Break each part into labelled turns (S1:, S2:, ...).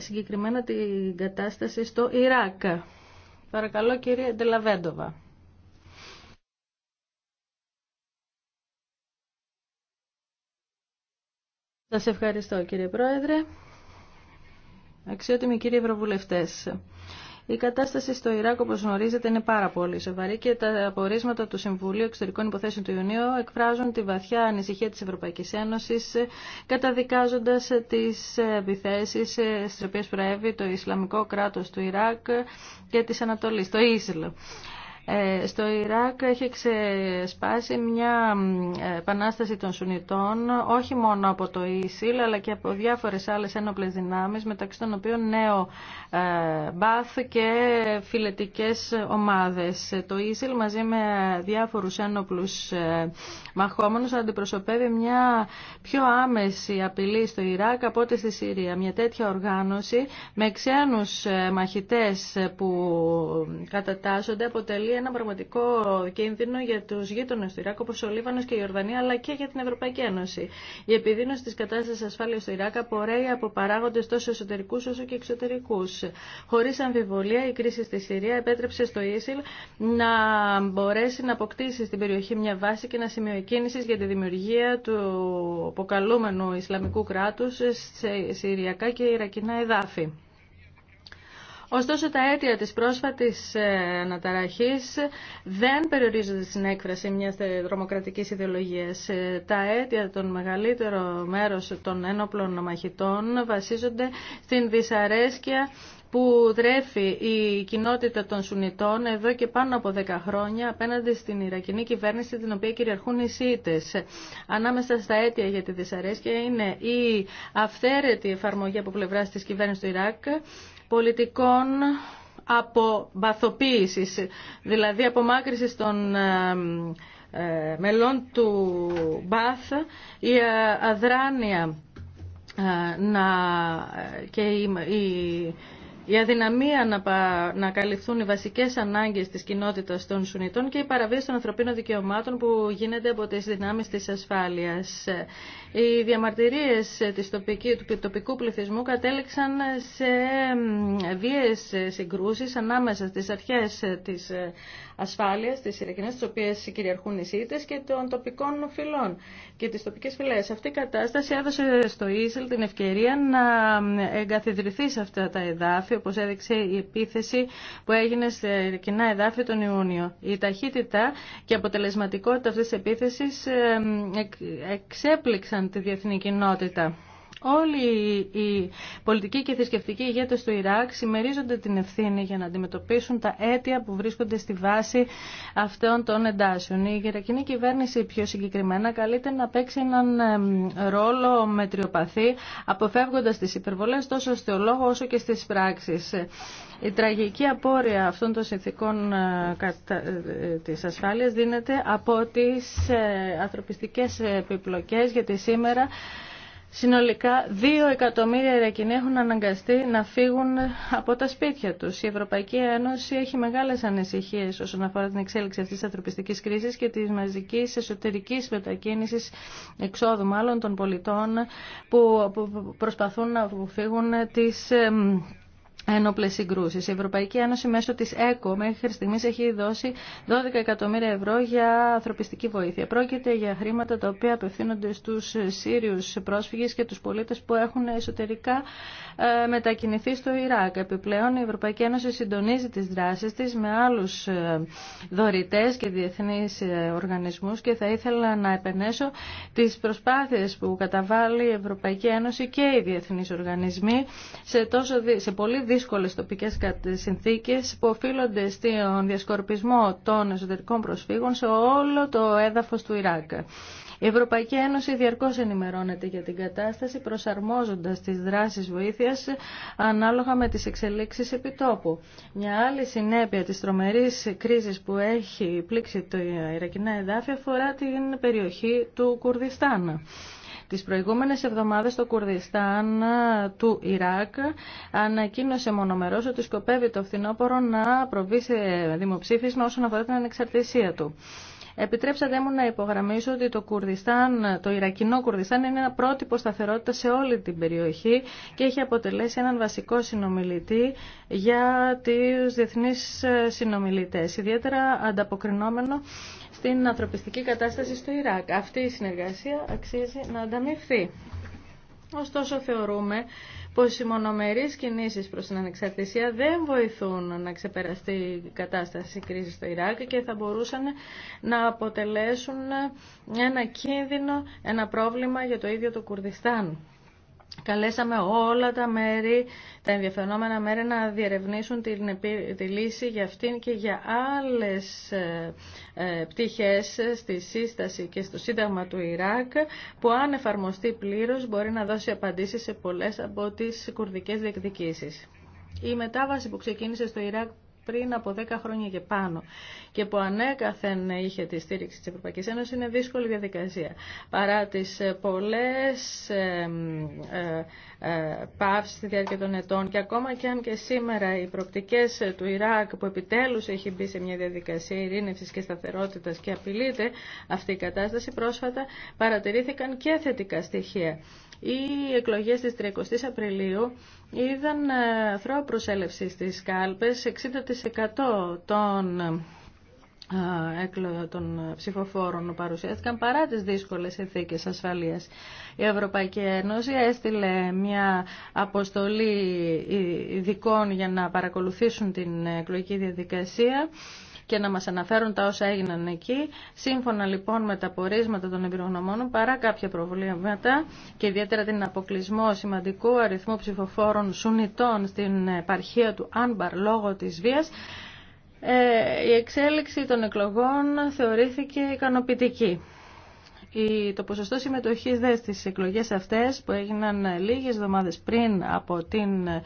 S1: συγκεκριμένα την κατάσταση στο Ιράκ. Παρακαλώ κύριε Ντελαβέντοβα. Σας ευχαριστώ κύριε Πρόεδρε. Αξιότιμοι κύριοι Ευρωβουλευτές. Η κατάσταση στο Ιράκ, όπω γνωρίζετε, είναι πάρα πολύ σοβαρή και τα απορίσματα του Συμβουλίου Εξωτερικών Υποθέσεων του Ιουνίου εκφράζουν τη βαθιά ανησυχία τη Ευρωπαϊκή Ένωση, καταδικάζοντα τι επιθέσει στι οποίε προέβη το Ισλαμικό κράτο του Ιράκ και τη Ανατολή, το Ισλ. Ε, στο Ιράκ έχει ξεσπάσει μια ε, επανάσταση των Σουνιτών, όχι μόνο από το ΙΣΙΛ, αλλά και από διάφορες άλλες ένοπλες δυνάμεις, μεταξύ των οποίων νέο ε, μπαθ και φιλετικές ομάδες. Το ΙΣΙΛ μαζί με διάφορους ένοπλους μαχόμενους αντιπροσωπεύει μια πιο άμεση απειλή στο Ιράκ από ό,τι στη Συρία. Μια τέτοια οργάνωση με ξένους μαχητές που κατατάσσονται αποτελεί ένα πραγματικό κίνδυνο για του γείτονε του Ιράκ, όπω ο Λίβανο και η Ιορδανία, αλλά και για την Ευρωπαϊκή Ένωση. Η επιδείνωση τη κατάσταση ασφάλεια στο Ιράκ απορρέει από παράγοντε τόσο εσωτερικού όσο και εξωτερικού. Χωρί αμφιβολία, η κρίση στη Συρία επέτρεψε στο Ίσιλ να μπορέσει να αποκτήσει στην περιοχή μια βάση και ένα σημείο κίνηση για τη δημιουργία του αποκαλούμενου Ισλαμικού κράτου σε Συριακά και Ιρακινά εδάφη. Ωστόσο τα αίτια της πρόσφατης ε, αναταραχής δεν περιορίζονται στην έκφραση μιας δρομοκρατικής ιδεολογίας. Ε, τα αίτια των μεγαλύτερο μέρος των ένοπλων μαχητών βασίζονται στην δυσαρέσκεια που δρέφει η κοινότητα των Σουνιτών εδώ και πάνω από 10 χρόνια απέναντι στην Ιρακινή κυβέρνηση την οποία κυριαρχούν οι ΣΥΤΕΣ. Ανάμεσα στα αίτια για τη δυσαρέσκεια είναι η αυθαίρετη εφαρμογή από πλευρά της κυβέρνησης του Ιράκ πολιτικών αποβαθοποίησης, δηλαδή απομάκρυσης των ε, ε, μελών του ΜΠΑΘ, η ε, αδράνεια να, και η, η αδυναμία να, να καλυφθούν οι βασικές ανάγκες της κοινότητας των Σουνιτών και η παραβίαση των ανθρωπίνων δικαιωμάτων που γίνεται από τις δυνάμεις της ασφάλειας. Οι διαμαρτυρίες της τοπική, του τοπικού πληθυσμού κατέληξαν σε βίαιες συγκρούσεις ανάμεσα στις αρχές της Ασφάλεια της Ιρακινές, τις οποίες κυριαρχούν οι σύντε και των τοπικών φυλών και τις τοπικές φυλές. Αυτή η κατάσταση έδωσε στο Ισραήλ την ευκαιρία να εγκαθιδρυθεί σε αυτά τα εδάφη, όπως έδειξε η επίθεση που έγινε σε Ιρακινά εδάφη τον Ιούνιο. Η ταχύτητα και αποτελεσματικότητα αυτή τη επίθεση ε, ε, εξέπληξαν τη διεθνή κοινότητα. Όλοι οι πολιτικοί και θρησκευτικοί ηγέτες του Ιράκ συμμερίζονται την ευθύνη για να αντιμετωπίσουν τα αίτια που βρίσκονται στη βάση αυτών των εντάσεων. Η Ιρακινή κυβέρνηση πιο συγκεκριμένα καλείται να παίξει έναν ρόλο μετριοπαθή, αποφεύγοντας τις υπερβολές τόσο στο λόγο όσο και στις πράξεις. Η τραγική απόρρεια αυτών των συνθήκων ε, ε, ε, της ασφάλειας δίνεται από τις ανθρωπιστικές επιπλοκές γιατί σήμερα Συνολικά, δύο εκατομμύρια Ιρακινοί έχουν αναγκαστεί να φύγουν από τα σπίτια του. Η Ευρωπαϊκή Ένωση έχει μεγάλε ανησυχίε όσον αφορά την εξέλιξη αυτή τη ανθρωπιστική κρίση και τη μαζική εσωτερική μετακίνηση εξόδου μάλλον των πολιτών που προσπαθούν να φύγουν τι ένοπλες συγκρούσεις. Η Ευρωπαϊκή Ένωση μέσω της ΕΚΟ μέχρι στιγμής έχει δώσει 12 εκατομμύρια ευρώ για ανθρωπιστική βοήθεια. Πρόκειται για χρήματα τα οποία απευθύνονται στους Σύριους πρόσφυγες και τους πολίτες που έχουν εσωτερικά ε, μετακινηθεί στο Ιράκ. Επιπλέον η Ευρωπαϊκή Ένωση συντονίζει τις δράσεις της με άλλους ε, δωρητές και διεθνείς ε, οργανισμούς και θα ήθελα να επενέσω τις προσπάθειες που καταβάλει η Ευρωπαϊκή Ένωση και οι διεθνείς οργανισμοί σε, τόσο, σε πολύ δύσκολες τοπικές συνθήκες που οφείλονται στον διασκορπισμό των εσωτερικών προσφύγων σε όλο το έδαφος του Ιράκ. Η Ευρωπαϊκή Ένωση διαρκώς ενημερώνεται για την κατάσταση προσαρμόζοντας τις δράσεις βοήθειας ανάλογα με τις εξελίξεις επιτόπου. Μια άλλη συνέπεια της τρομερής κρίσης που έχει πλήξει το Ιρακινά εδάφη αφορά την περιοχή του Κουρδιστάν. Τις προηγούμενες εβδομάδες το Κουρδιστάν ε, του Ιράκ ανακοίνωσε μονομερός ότι σκοπεύει το φθινόπωρο να προβεί σε δημοψήφισμα όσον αφορά την ανεξαρτησία του. Επιτρέψατε μου να υπογραμμίσω ότι το, Κουρδιστάν, το Ιρακινό Κουρδιστάν είναι ένα πρότυπο σταθερότητα σε όλη την περιοχή και έχει αποτελέσει έναν βασικό συνομιλητή για του διεθνεί ε, συνομιλητέ. ιδιαίτερα ανταποκρινόμενο στην ανθρωπιστική κατάσταση στο Ιράκ. Αυτή η συνεργασία αξίζει να ανταμειφθεί. Ωστόσο θεωρούμε πως οι μονομερείς κινήσεις προς την ανεξαρτησία δεν βοηθούν να ξεπεραστεί η κατάσταση κρίσης στο Ιράκ και θα μπορούσαν να αποτελέσουν ένα κίνδυνο, ένα πρόβλημα για το ίδιο το Κουρδιστάν. Καλέσαμε όλα τα μέρη, τα ενδιαφερόμενα μέρη να διερευνήσουν τη λύση για αυτήν και για άλλες ε, ε, πτυχές στη σύσταση και στο Σύνταγμα του Ιράκ που αν εφαρμοστεί πλήρως μπορεί να δώσει απαντήσεις σε πολλές από τις κουρδικές διεκδικήσεις. Η μετάβαση που ξεκίνησε στο Ιράκ πριν από 10 χρόνια και πάνω και που ανέκαθεν είχε τη στήριξη της Ευρωπαϊκής Ένωσης είναι δύσκολη διαδικασία. Παρά τις ε, πολλές ε, ε, ε παύσεις στη διάρκεια των ετών και ακόμα και αν και σήμερα οι προπτικές του Ιράκ που επιτέλους έχει μπει σε μια διαδικασία ειρήνευσης και σταθερότητας και απειλείται αυτή η κατάσταση πρόσφατα παρατηρήθηκαν και θετικά στοιχεία. Οι εκλογές της 30 Απριλίου είδαν ε, θρόα προσέλευση στις κάλπες 60% των ε, των ψηφοφόρων παρουσιάστηκαν παρά τις δύσκολες συνθήκε ασφαλείας. Η Ευρωπαϊκή Ένωση έστειλε μια αποστολή ειδικών για να παρακολουθήσουν την εκλογική διαδικασία και να μας αναφέρουν τα όσα έγιναν εκεί. Σύμφωνα λοιπόν με τα πορίσματα των εμπειρογνωμόνων, παρά κάποια προβλήματα και ιδιαίτερα την αποκλεισμό σημαντικού αριθμού ψηφοφόρων Σουνιτών στην επαρχία του Άνμπαρ λόγω της βίας, ε, η εξέλιξη των εκλογών θεωρήθηκε ικανοποιητική. Το ποσοστό συμμετοχή δε στι εκλογέ αυτέ που έγιναν λίγε εβδομάδε πριν από την ε,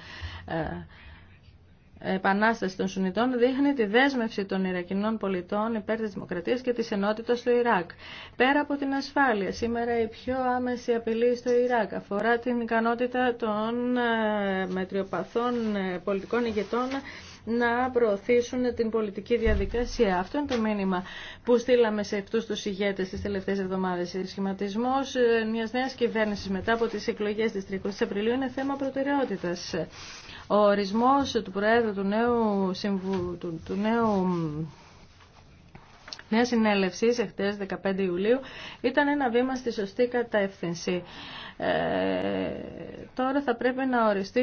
S1: επανάσταση των Σουνιτών δείχνει τη δέσμευση των Ιρακινών πολιτών υπέρ της δημοκρατίας και της ενότητας στο Ιράκ. Πέρα από την ασφάλεια, σήμερα η πιο άμεση απειλή στο Ιράκ αφορά την ικανότητα των ε, μετριοπαθών ε, πολιτικών ηγετών να προωθήσουν την πολιτική διαδικασία. Αυτό είναι το μήνυμα που στείλαμε σε αυτού του ηγέτε τι τελευταίε εβδομάδε. Ο σχηματισμό ε, μια νέα κυβέρνηση μετά από τι εκλογέ τη 30 Απριλίου είναι θέμα προτεραιότητα. Ο ορισμός του Προέδρου του νέου, συμβου, του, του νέου νέα συνέλευση εχθές 15 Ιουλίου ήταν ένα βήμα στη σωστή κατεύθυνση. Ε, τώρα θα πρέπει να οριστεί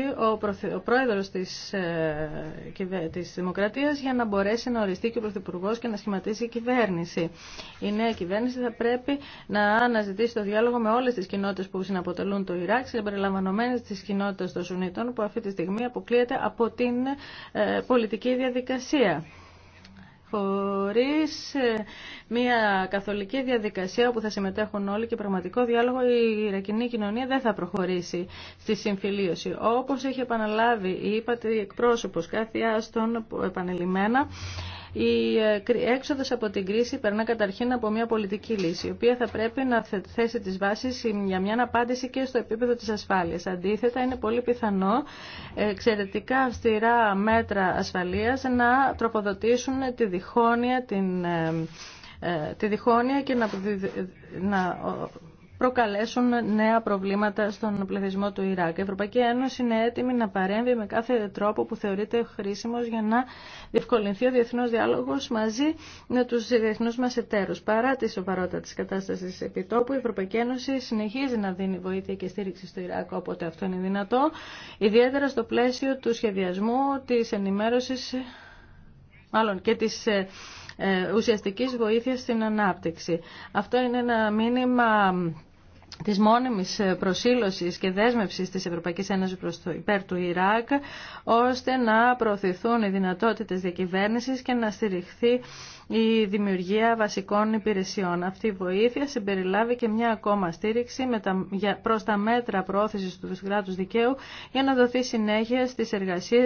S1: ο πρόεδρος της, ε, της Δημοκρατίας για να μπορέσει να οριστεί και ο Πρωθυπουργός και να σχηματίσει η κυβέρνηση. Η νέα κυβέρνηση θα πρέπει να αναζητήσει το διάλογο με όλες τις κοινότητες που συναποτελούν το Ιράκ, συμπεριλαμβανομένες της κοινότητας των Σουνίτων που αυτή τη στιγμή αποκλείεται από την ε, πολιτική διαδικασία. Χωρίς ε, μια καθολική διαδικασία όπου θα συμμετέχουν όλοι και πραγματικό διάλογο η Ιρακινή κοινωνία δεν θα προχωρήσει στη συμφιλίωση. Όπως έχει επαναλάβει η εκπρόσωπος κάθε άστον επανελειμμένα, η ε, έξοδος από την κρίση περνά καταρχήν από μια πολιτική λύση, η οποία θα πρέπει να θέσει τις βάσεις για μια απάντηση και στο επίπεδο της ασφάλειας. Αντίθετα, είναι πολύ πιθανό ε, εξαιρετικά αυστηρά μέτρα ασφαλείας να τροποδοτήσουν τη διχόνοια, την, ε, τη διχόνοια και να, να προκαλέσουν νέα προβλήματα στον πληθυσμό του Ιράκ. Η Ευρωπαϊκή Ένωση είναι έτοιμη να παρέμβει με κάθε τρόπο που θεωρείται χρήσιμο για να διευκολυνθεί ο διεθνό διάλογο μαζί με του διεθνού μα εταίρου. Παρά τη σοβαρότητα τη κατάσταση επιτόπου, η Ευρωπαϊκή Ένωση συνεχίζει να δίνει βοήθεια και στήριξη στο Ιράκ όποτε αυτό είναι δυνατό, ιδιαίτερα στο πλαίσιο του σχεδιασμού, τη ενημέρωση μάλλον και της ε, ε, ουσιαστικής βοήθειας στην ανάπτυξη. Αυτό είναι ένα μήνυμα τη μόνιμη ε, προσήλωση και δέσμευση τη Ευρωπαϊκής Ένωσης προς το, υπέρ του Ιράκ, ώστε να προωθηθούν οι δυνατότητες διακυβέρνηση και να στηριχθεί η δημιουργία βασικών υπηρεσιών. Αυτή η βοήθεια συμπεριλάβει και μια ακόμα στήριξη με τα, τα μέτρα προώθηση του κράτου δικαίου για να δοθεί συνέχεια στι εργασίε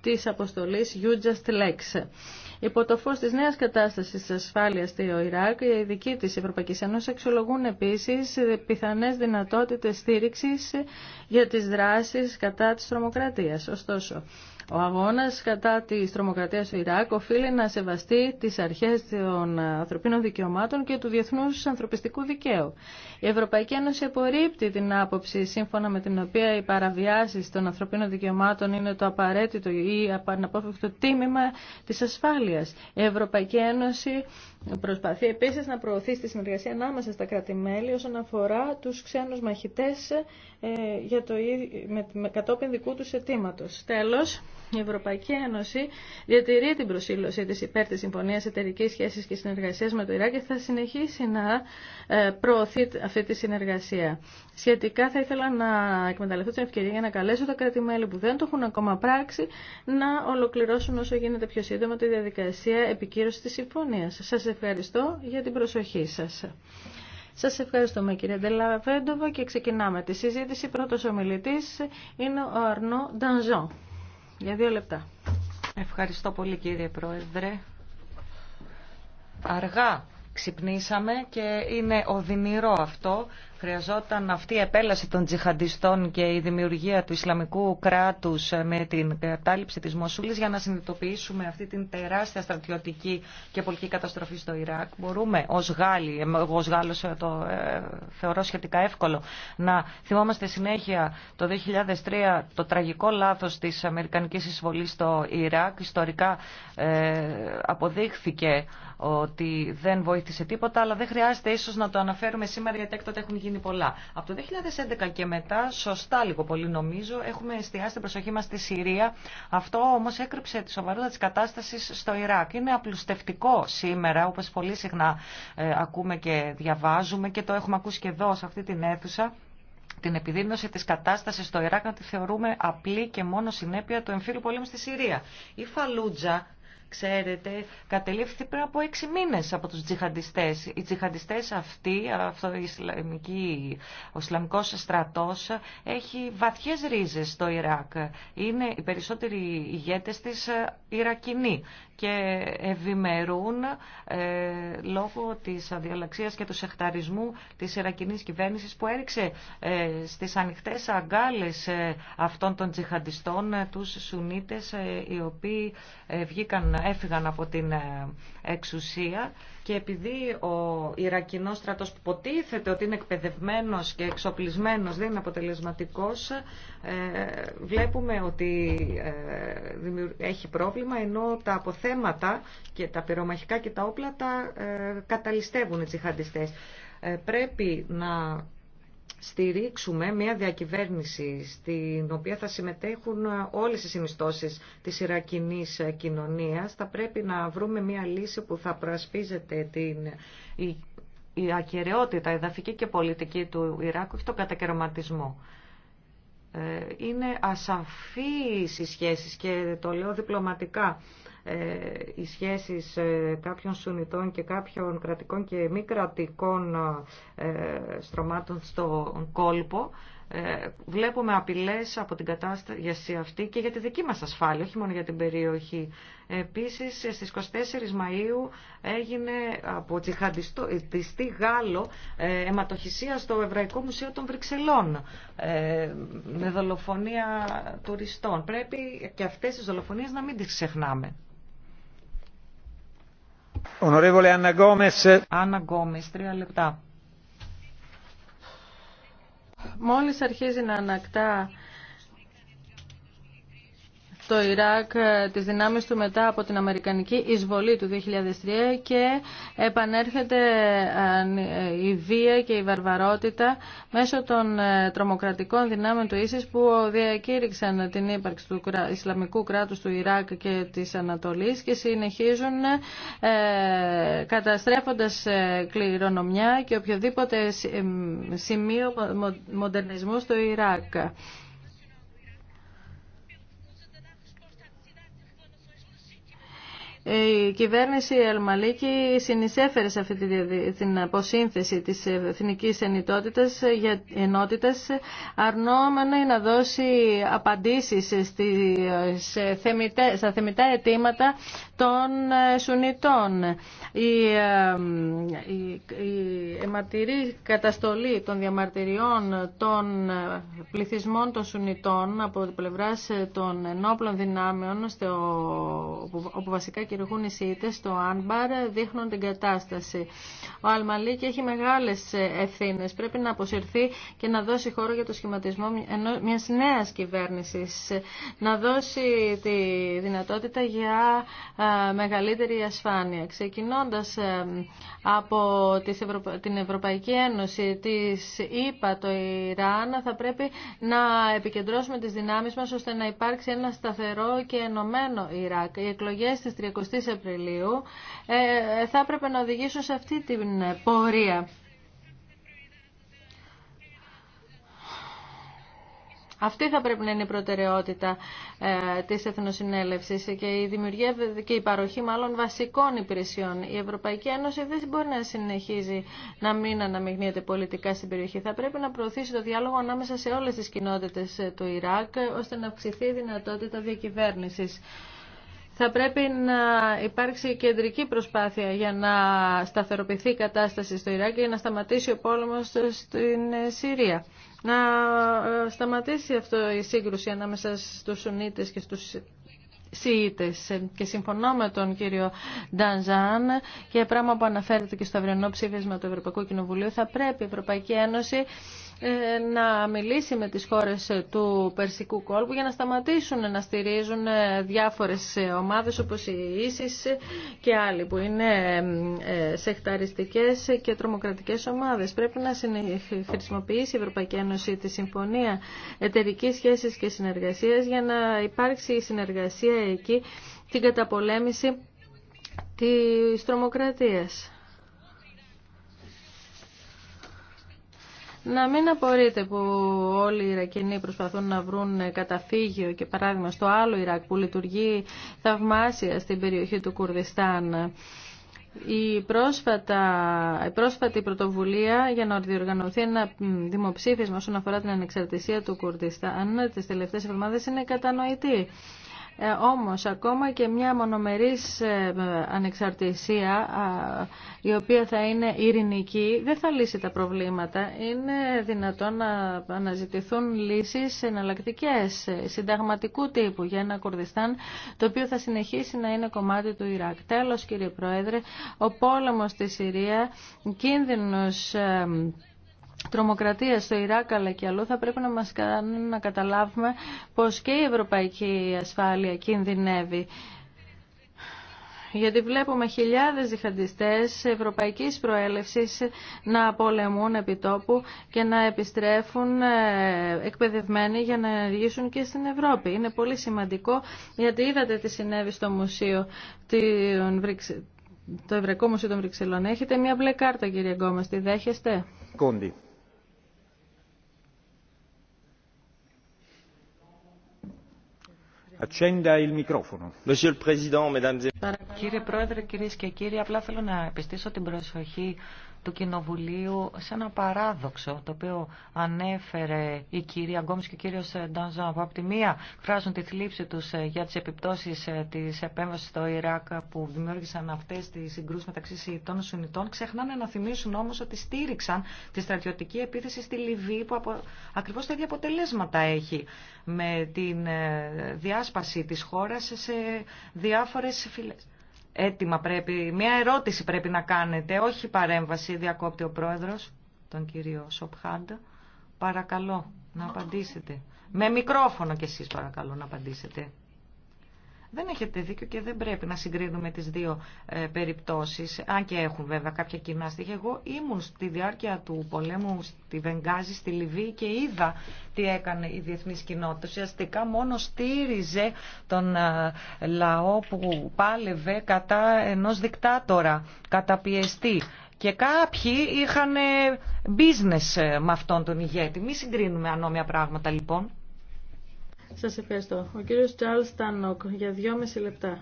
S1: της αποστολή You Just Lex. Υπό το φως της νέας κατάστασης της ασφάλειας στο Ιράκ, οι ειδικοί της Ευρωπαϊκής Ένωσης αξιολογούν επίσης πιθανές δυνατότητες στήριξης για τις δράσεις κατά της τρομοκρατίας. Ωστόσο, ο αγώνα κατά τη τρομοκρατίας στο Ιράκ οφείλει να σεβαστεί τι αρχέ των ανθρωπίνων δικαιωμάτων και του διεθνού ανθρωπιστικού δικαίου. Η Ευρωπαϊκή Ένωση απορρίπτει την άποψη σύμφωνα με την οποία οι παραβιάσει των ανθρωπίνων δικαιωμάτων είναι το απαραίτητο ή αναπόφευκτο τίμημα της ασφάλειας. Η αναποφευκτο τιμημα τη ασφαλεια η προσπαθεί προσπαθει επιση να προωθεί τη συνεργασία ανάμεσα στα κράτη-μέλη όσον αφορά του ξένου μαχητέ ε, το, με, με, κατόπιν δικού του αιτήματο. Τέλο, η Ευρωπαϊκή Ένωση διατηρεί την προσήλωσή τη υπέρ τη Συμφωνία Εταιρική σχέση και συνεργασία με το Ιράκ και θα συνεχίσει να ε, προωθεί αυτή τη συνεργασία. Σχετικά θα ήθελα να εκμεταλλευτώ την ευκαιρία για να καλέσω τα κράτη-μέλη που δεν το έχουν ακόμα πράξει να ολοκληρώσουν όσο γίνεται πιο σύντομα τη διαδικασία επικύρωση τη συμφωνία. Σα ευχαριστώ για την προσοχή σα. Σα ευχαριστούμε κύριε Ντελαβέντοβα και ξεκινάμε τη συζήτηση. Πρώτο ομιλητή είναι ο Αρνό Ντανζόν.
S2: Για δύο λεπτά. Ευχαριστώ πολύ κύριε Πρόεδρε. Αργά ξυπνήσαμε και είναι οδυνηρό αυτό Χρειαζόταν αυτή η επέλαση των τζιχαντιστών και η δημιουργία του Ισλαμικού κράτους ε, με την κατάληψη της Μοσούλης για να συνειδητοποιήσουμε αυτή την τεράστια στρατιωτική και πολιτική καταστροφή στο Ιράκ. Μπορούμε ως Γάλλοι, εγώ ως Γάλλος ε, το ε, θεωρώ σχετικά εύκολο, να θυμόμαστε συνέχεια το 2003 το τραγικό λάθος της Αμερικανικής εισβολής στο Ιράκ. Ιστορικά αποδείχθηκε ότι δεν βοήθησε τίποτα, αλλά δεν χρειάζεται ίσως να το αναφέρουμε σήμερα γιατί έκτοτε έχουν γίνει πολλά. Από το 2011 και μετά, σωστά λίγο πολύ νομίζω, έχουμε εστιάσει την προσοχή μα στη Συρία. Αυτό όμω έκρυψε τη σοβαρότητα τη κατάσταση στο Ιράκ. Είναι απλουστευτικό σήμερα, όπω πολύ συχνά ε, ακούμε και διαβάζουμε και το έχουμε ακούσει και εδώ σε αυτή την αίθουσα την επιδείνωση της κατάστασης στο Ιράκ να τη θεωρούμε απλή και μόνο συνέπεια του εμφύλου πολέμου στη Συρία. Η Φαλούτζα ξέρετε, κατελήφθη πριν από έξι μήνες από τους τζιχαντιστές. Οι τζιχαντιστές αυτοί, αυτό ο, Ισλαμική, ο Ισλαμικός στρατός, έχει βαθιές ρίζες στο Ιράκ. Είναι οι περισσότεροι ηγέτες της ε, Ιρακινοί και ευημερούν ε, λόγω της αδιαλαξίας και του σεχταρισμού της Ιρακινής κυβέρνησης που έριξε ε, στις ανοιχτές αγκάλες ε, αυτών των τζιχαντιστών τους Σουνίτες οι οποίοι βγήκαν έφυγαν από την ε, εξουσία και επειδή ο Ιρακινός στρατός που ποτίθεται ότι είναι εκπαιδευμένος και εξοπλισμένος δεν είναι αποτελεσματικός, ε, βλέπουμε ότι ε, έχει πρόβλημα ενώ τα αποθέματα και τα πυρομαχικά και τα όπλα τα καταλυστεύουν οι τσιχαντιστές. Πρέπει να στηρίξουμε μια διακυβέρνηση στην οποία θα συμμετέχουν όλες οι συνιστώσεις της Ιρακινής κοινωνίας. Θα πρέπει να βρούμε μια λύση που θα προασπίζεται την, η, η ακαιρεότητα και πολιτική του Ιράκου και τον κατακαιρματισμό. Ε, είναι ασαφείς οι σχέσεις και το λέω διπλωματικά ε, οι σχέσεις ε, κάποιων Σουνιτών και κάποιων κρατικών και μη κρατικών ε, στρωμάτων στον κόλπο, βλέπουμε απειλές από την κατάσταση αυτή και για τη δική μας ασφάλεια, όχι μόνο για την περιοχή. Επίσης, στις 24 Μαΐου έγινε από τσιχαντιστή Γάλλο αιματοχυσία στο Εβραϊκό Μουσείο των Βρυξελών με δολοφονία τουριστών. Πρέπει και αυτές τις δολοφονίες να μην τις ξεχνάμε. Άννα Γκόμες, τρία λεπτά.
S1: Μόλις αρχίζει να ανακτά το Ιράκ ε, τις δυνάμεις του μετά από την Αμερικανική εισβολή του 2003 και επανέρχεται ε, η βία και η βαρβαρότητα μέσω των ε, τρομοκρατικών δυνάμεων του ΙΣΙΣ που διακήρυξαν την ύπαρξη του Ισλαμικού κράτους του Ιράκ και της Ανατολής και συνεχίζουν καταστρέφοντας κληρονομιά και οποιοδήποτε σημείο μοντερνισμού στο Ιράκ. Ε, η κυβέρνηση Αλμαλίκη συνεισέφερε σε αυτή την αποσύνθεση της εθνικής ενότητας, για, ενότητας να δώσει απαντήσεις στα θεμητά αιτήματα των ε, Σουνιτών. Η, ε, η, καταστολή των διαμαρτυριών των πληθυσμών των Σουνιτών από πλευράς των ενόπλων δυνάμεων στο, όπου, όπου βασικά χειρουργούν οι Σίτε στο Άνμπαρ δείχνουν την κατάσταση. Ο Αλμαλίκ έχει μεγάλε ευθύνε. Πρέπει να αποσυρθεί και να δώσει χώρο για το σχηματισμό μια νέα κυβέρνηση. Να δώσει τη δυνατότητα για μεγαλύτερη ασφάλεια. Ξεκινώντα από την Ευρωπαϊκή Ένωση, τη ΕΠΑ, το Ιράν, θα πρέπει να επικεντρώσουμε τι δυνάμει μα ώστε να υπάρξει ένα σταθερό και ενωμένο Ιράκ. Οι εκλογέ τη 23 Απριλίου ε, θα έπρεπε να οδηγήσουν σε αυτή την πορεία. Αυτή θα πρέπει να είναι η προτεραιότητα ε, της Εθνοσυνέλευσης και η δημιουργία και η παροχή μάλλον βασικών υπηρεσιών. Η Ευρωπαϊκή Ένωση δεν μπορεί να συνεχίζει να μην αναμειγνύεται πολιτικά στην περιοχή. Θα πρέπει να προωθήσει το διάλογο ανάμεσα σε όλες τις κοινότητες ε, του Ιράκ, ε, ώστε να αυξηθεί η δυνατότητα διακυβέρνησης θα πρέπει να υπάρξει κεντρική προσπάθεια για να σταθεροποιηθεί η κατάσταση στο Ιράκ και να σταματήσει ο πόλεμος στην Συρία. Να ε, σταματήσει αυτό η σύγκρουση ανάμεσα στους Σουνίτες και στους Σιήτες. Ε, και συμφωνώ με τον κύριο Ντανζάν και πράγμα που αναφέρεται και στο αυριανό ψήφισμα του Ευρωπαϊκού Κοινοβουλίου θα πρέπει η Ευρωπαϊκή Ένωση ε, να μιλήσει με τις χώρες του Περσικού κόλπου για να σταματήσουν να στηρίζουν ε, διάφορες ε, ομάδες όπως η Ίσεις και άλλοι που είναι σεχταριστικές και τρομοκρατικές ομάδες. Πρέπει να χρησιμοποιήσει η Ευρωπαϊκή Ένωση τη Συμφωνία εταιρική Σχέσης και Συνεργασίας για να υπάρξει η συνεργασία εκεί την καταπολέμηση της τρομοκρατίας. να μην απορείτε που όλοι οι Ιρακινοί προσπαθούν να βρουν καταφύγιο και παράδειγμα στο άλλο Ιράκ που λειτουργεί θαυμάσια στην περιοχή του Κουρδιστάν. Η, πρόσφατα, η πρόσφατη πρωτοβουλία για να διοργανωθεί ένα δημοψήφισμα όσον αφορά την ανεξαρτησία του Κουρδιστάν τις τελευταίες εβδομάδες είναι κατανοητή. Ε, όμως ακόμα και μια μονομερής ε, ανεξαρτησία η οποία θα είναι ειρηνική δεν θα λύσει τα προβλήματα. Είναι δυνατόν να αναζητηθούν λύσεις εναλλακτικέ συνταγματικού τύπου για ένα Κουρδιστάν το οποίο θα συνεχίσει να είναι κομμάτι του Ιράκ. Τέλος κύριε Πρόεδρε, ο πόλεμος στη Συρία, κίνδυνος ε, τρομοκρατία στο Ιράκ αλλά και αλλού θα πρέπει να μας κάνουν να καταλάβουμε πως και η ευρωπαϊκή ασφάλεια κινδυνεύει γιατί βλέπουμε χιλιάδες διχαντιστές ευρωπαϊκής προέλευσης να πολεμούν επί τόπου και να επιστρέφουν ε, εκπαιδευμένοι για να ενεργήσουν και στην Ευρώπη. Είναι πολύ σημαντικό γιατί είδατε τι συνέβη στο Μουσείο το Ευρωπαϊκό Μουσείο των Βρυξελών. Έχετε μια μπλε κάρτα, κύριε Γκόμας, τη δέχεστε.
S3: Κόντι.
S2: Κύριε Πρόεδρε, κυρίε και κύριοι, απλά θέλω να επιστήσω την προσοχή του Κοινοβουλίου σε ένα παράδοξο το οποίο ανέφερε η κυρία Γκόμης και ο κύριος Ντάνζα που από τη μία φράζουν τη θλίψη τους ε, για τις επιπτώσεις ε, της επέμβασης στο Ιράκ ε, που δημιούργησαν αυτές τις συγκρούσεις μεταξύ των και Σουνιτών ξεχνάνε να θυμίσουν όμως ότι στήριξαν τη στρατιωτική επίθεση στη Λιβύη που απο... ακριβώς τα ίδια αποτελέσματα έχει με την διάσπαση της χώρας σε διάφορες φυλές έτοιμα πρέπει, μια ερώτηση πρέπει να κάνετε, όχι παρέμβαση, διακόπτει ο πρόεδρος, τον κύριο Σοπχάντα. Παρακαλώ να απαντήσετε. Με μικρόφωνο κι εσείς παρακαλώ να απαντήσετε. Δεν έχετε δίκιο και δεν πρέπει να συγκρίνουμε τις δύο ε, περιπτώσεις, αν και έχουν βέβαια κάποια κοινά στοιχεία. Εγώ ήμουν στη διάρκεια του πολέμου στη Βενγάζη, στη Λιβύη και είδα τι έκανε η διεθνής κοινότητα. Ουσιαστικά μόνο στήριζε τον ε, λαό που πάλευε κατά ενός δικτάτορα, καταπιεστή. Και κάποιοι είχαν business ε, με αυτόν τον ηγέτη. Μη συγκρίνουμε ανώμια πράγματα λοιπόν. Σας ευχαριστώ. Ο κύριος Τζαλς Τάνοκ για δυόμιση λεπτά.